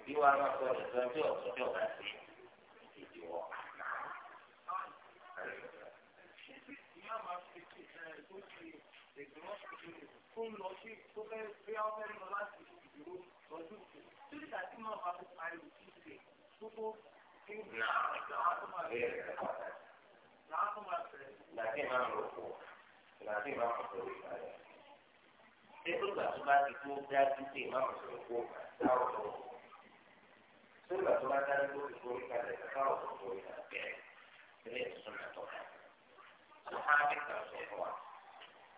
ìdíwọ́ àwọn akọ̀ọ̀dọ̀ tó ń bí ọ̀tọ̀ bí ọ̀gá sí ìdíwọ́ ká. fún lọ sí tó fẹ́ fẹ́ ọfẹ́ lọ láti ìdúró lọ́dún tó lè dàtí máa bá fi parí òkú rẹ̀ tó kó kí n bá àwọn tó máa bẹ̀rẹ̀ àwọn tó máa bẹ̀rẹ̀. Ìgbàdí máa ń rò pọ̀, ìgbàdí máa ń rò ìbàdàn. Ṣé tó gbà tó bá ti tó dájú pé máa ń sọ̀rọ̀ kó táwọn lọ? Ṣé ìgbà tó bá dájú tó ti forí kalẹ̀ táwọn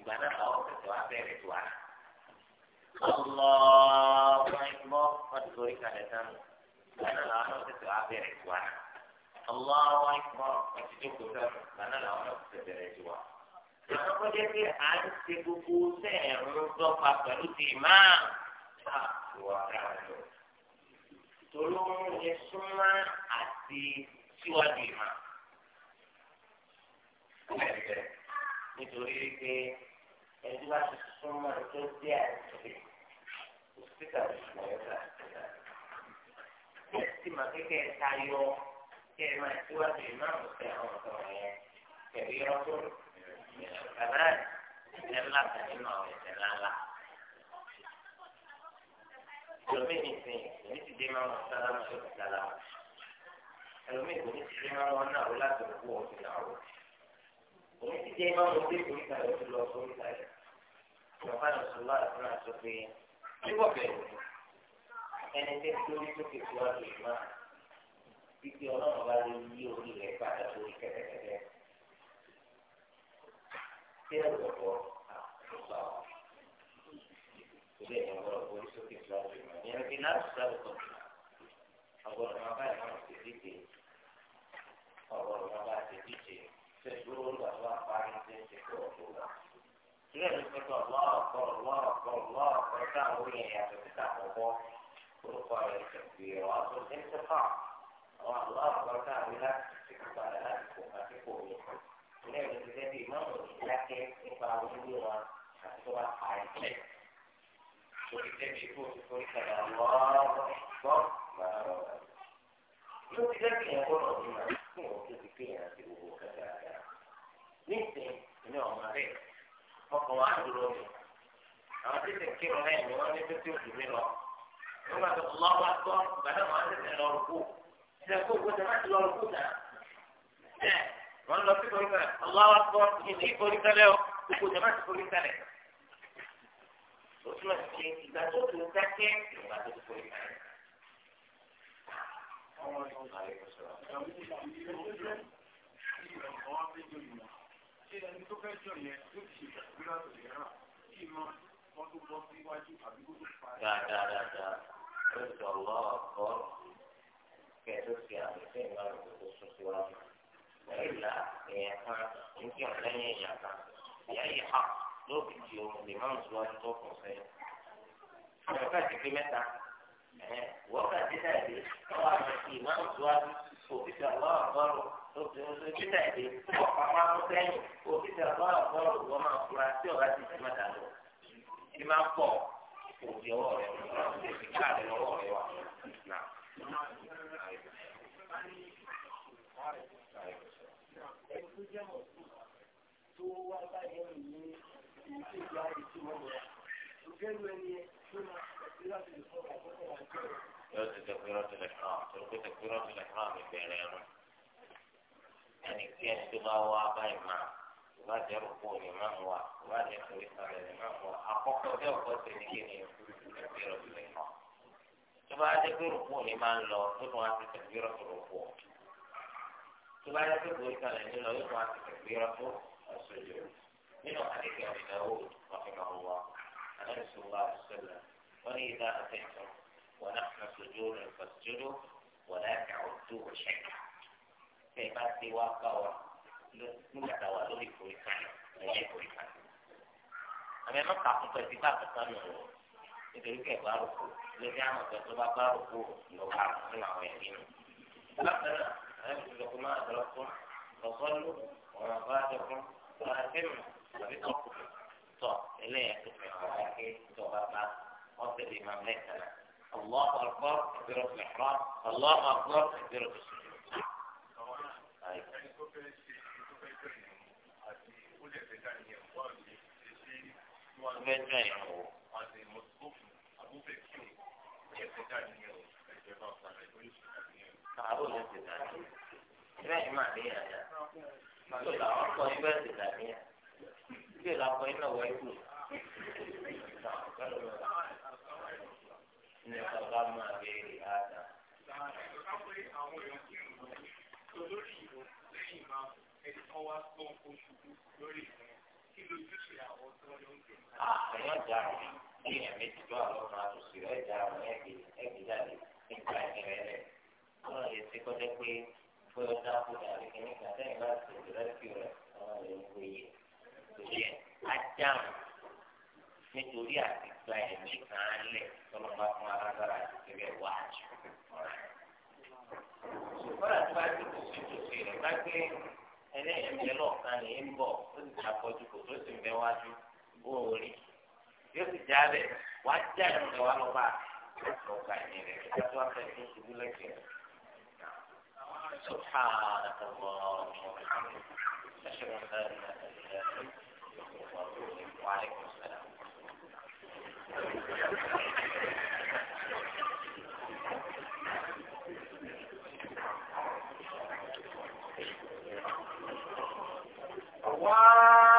ìgbà náà làwọn tẹ̀sẹ̀ wá bẹ̀rẹ̀ tó wà. Allahu Akbar wọ́n ti sori kalẹ̀ sánú. Ìgbà náà làwọn náà tẹ̀sẹ̀ wá bẹ̀rẹ̀ tó wà. Allahu Akbar wọ́n ti jókòó sánú. Ìgbà náà làwọn náà tẹ̀sẹ̀ bẹ̀rẹ̀ tó wà. Àwọn kọ́ jẹ́ pé à ń ṣe gbogbo sẹ́ẹ̀rún dọ́gba pẹ̀lú ti máa wà dáadọ́. Tolóhùn ni súnmọ́ àti síwájú ìmọ̀. Bẹ́ẹ̀ bẹ́ẹ̀. mi che è nítorí pé ẹni bá ti súnmọ́ tó dé àìsí òṣìṣẹ́ tàbí ìṣòro tàbí ẹtì mà kékeré ẹ̀ka yọ kí ẹ máa tíwájú ìmáàmù sí àwọn ọ̀sán yẹn kẹ̀lé ọ̀tún kàdá ẹ̀ ńlá kan nínú àwọn ẹ̀sẹ̀ ńláńlá. ẹlòmíì ní sìn èmi ti dé máa wọn sálámù tó ti sálámù ẹlòmíì e ní ti dé máa wọn náà ó láti òkú òfin náà ó ti. òun ti jẹ́ imáàmù tí kò ní kàlẹ́ òun lọ sórí kàlẹ́ ìjọba náà sọ lọ́wọ́ àti náà sọ pé nígbà bẹ̀rẹ̀ ẹni tí lórí sókè tó wà lórí máa títí ọlọ́run bá lè yí orí rẹ̀ padà sórí kẹ̀kẹ́kẹ́ tí ẹ gbọ̀gbọ́ àkókò àwọn ilé ẹ̀ ọ̀rọ̀ orí sókè tó wà lórí máa ní ẹni tí náà sọ lọ́wọ́ ọ̀gbọ̀n ọ̀gbọ̀n bá ẹ̀ máa ti ṣe dúró nígbà parí ṣe ṣe kó ọ̀tún wa. Ilé ìlú ti sọ lọ́ọ̀kọ́ lọ́ọ̀kọ́ lọ́ọ̀kọ́ táwọn yẹn yàtọ̀ síta kọ̀kọ́ orúkọ rẹ̀ ṣe pé tó ṣe ń tẹ́fà. Àwọn àlọ́ọ̀kọ́ táwọn láti ṣe kó padà láti kó àti kó mi. Ilé ìlú ti sẹ́ bí ìmọ̀ràn ìdákẹ́ nípa onílé wọn àti tó bá parí ṣe. Olùkẹ́ ti forí kalẹ̀ lọ́ọ̀kọ́ gbọ́ màá rọ̀. ọkọ̀ wa dúró mi àwọn tí ti kí wọn lẹ́yìn wọn ní tó tí o dùn mí lọ nígbà tó lọ wá gbọ́ gbàdá wọn ti tẹ̀ lọ rúkú ṣe kó gbọ́ tẹ̀ má ti lọ rúkú tà ṣe wọn lọ sí forí kalẹ̀ ọlọ́wà gbọ́ ìdí forí kalẹ̀ o gbogbo tẹ̀ má ti forí kalẹ̀ o tún lọ ìgbà tó tó dákẹ́ ìgbà tó forí kalẹ̀. Thank you ṣé ẹni tó fẹ́ jọ yẹn yóò ṣe ìgbàgbéra tó lè rà kí iná wọn tó bọ́ síwájú àbí kó tó pa. dáadáa dáadáa ló sọ lọ ọkọ kẹtó sí àmì sí ìmọ̀ rẹ̀ tó sún síwájú. ìlà èèyàn kan ń kí wọn lẹ́yìn èèyàn kan ìyá yìí hà ló fi di lè máa ń síwájú tó kàn sẹ́yìn. àwọn ọ̀gá ti pé mẹ́ta wọ́n kà sí dáadé wọ́n á fi ìmọ̀ síwájú òfìsà òkìtẹ̀lé ọ̀pọ̀ àwọn akọ́sẹ́yìn òkìtẹ̀lé ọ̀pọ̀ ọ̀pọ̀ ọ̀pọ̀ máa fura tí ọ̀gá ti ti máa dànù tí máa pọ̀ òdì ọwọ́ rẹ̀ ìka rẹ̀ ọwọ́ rẹ̀ wà. Yóò ti tẹ̀kúrọ́ tilẹ̀ kàn, tẹ̀kúrọ́ tilẹ̀ kàn ìbẹ̀rẹ̀ rẹ̀ ẹnì kí ẹni tó bá wá báyìí máa ìbá jẹ́ òkú ni máa ń wà ìbá jẹ́ torí kalẹ̀ ni máa ń wà àkọ́kọ́ bí ọ̀pọ̀ ti ní kí ni ẹgbẹ́ rẹ̀ lè kàn. tó bá jẹ́ pé òkú ni máa ń lọ tó tún wá ti tẹ̀gbé rọ̀tò òkú. tó bá jẹ́ pé torí kalẹ̀ ni lọ yóò tún wá ti tẹ̀gbé rọ̀tò ọ̀ṣọ́jọ́. nínú àdéhùn ìdáwó ọ̀fìnkàwọ́ anáìsọ̀wá ṣẹlẹ̀ wọ́n ní dé wá bá wa nígbà tá a wà lórí ìforí kalẹ̀ lẹ́yìn ìforí kalẹ̀. àmì ẹ̀ má kà fún pẹ̀lú ìgbà kankan nù ọ́ nítorí pé ẹ̀gbá rò kó lórí àwọn ọ̀gá tó bá bá rò kó lọ bá fún àwọn ẹ̀mí nù. bákan náà àwọn ẹ̀mí ìjọba máa dọ̀rọ̀ fún lọ́sọ́lù ọ̀rọ̀ bá dọ̀ fún ọ̀rọ̀ àbí tọkùnrin tọ̀ ẹlẹ́yà tó fi hàn wá pé ìjọba bá ọ̀sẹ̀ lè máa mẹ́ta náà. الله أكبر كبيرة الإحرام الله أكبر كبيرة السنة wọ́n fẹ́ jọ ìrìn wò. wọ́n ti mọ sófù àbúfẹ́ kí o ẹ̀ fẹ́ dání ẹ̀ o ẹ̀jẹ̀ bá pa ẹ̀ lórí ìṣẹ̀lẹ̀ yẹn. káàbọ̀ ló ti dání. ibẹ̀ yìí máa dé yàrá. yóò là wọ́n kọ́ ibẹ̀ wọ ikú. ní bàbá máa béèrè àdá. lórí ìlú lẹ́yìn máa ẹni kan wá sọ oṣù lórí ìlú àwọn ẹja rẹ ní ẹ̀mí ti tó àwọn ọmọ àtúnṣe ẹja rẹ ẹgbẹ ẹgbẹ jáde nípa ẹ̀mí rẹ lẹ wọn lè ṣe kọjá pé fún ọjà kúta àríkẹ nígbà sẹ́yìn bá ṣe ìrẹsì rẹ àwọn lè ń pè yẹ torí ẹ ajá nítorí àti gba ẹ̀mí kan lẹ tọlọmọ fún alágbára àti tẹ́lẹ̀ wájú ọ̀rẹ́. ṣùgbọ́n àti ẹni ẹ̀mí lọ́ọ̀kan ní ń bọ̀ ó sì ti àpọ̀jù kò tó sì ń bẹ wájú bó o rí yóò sì já rẹ̀ wá já ìrìnlẹ̀ wá lọ́ba ọ̀gá ẹ̀mí rẹ̀ kí wọ́n tó wá fẹ́ tó ṣubú lẹ́kẹ̀ẹ́. سبحانك اللهم وبحمدك أشهد أن لا إله إلا أنت وعليكم السلام القرآن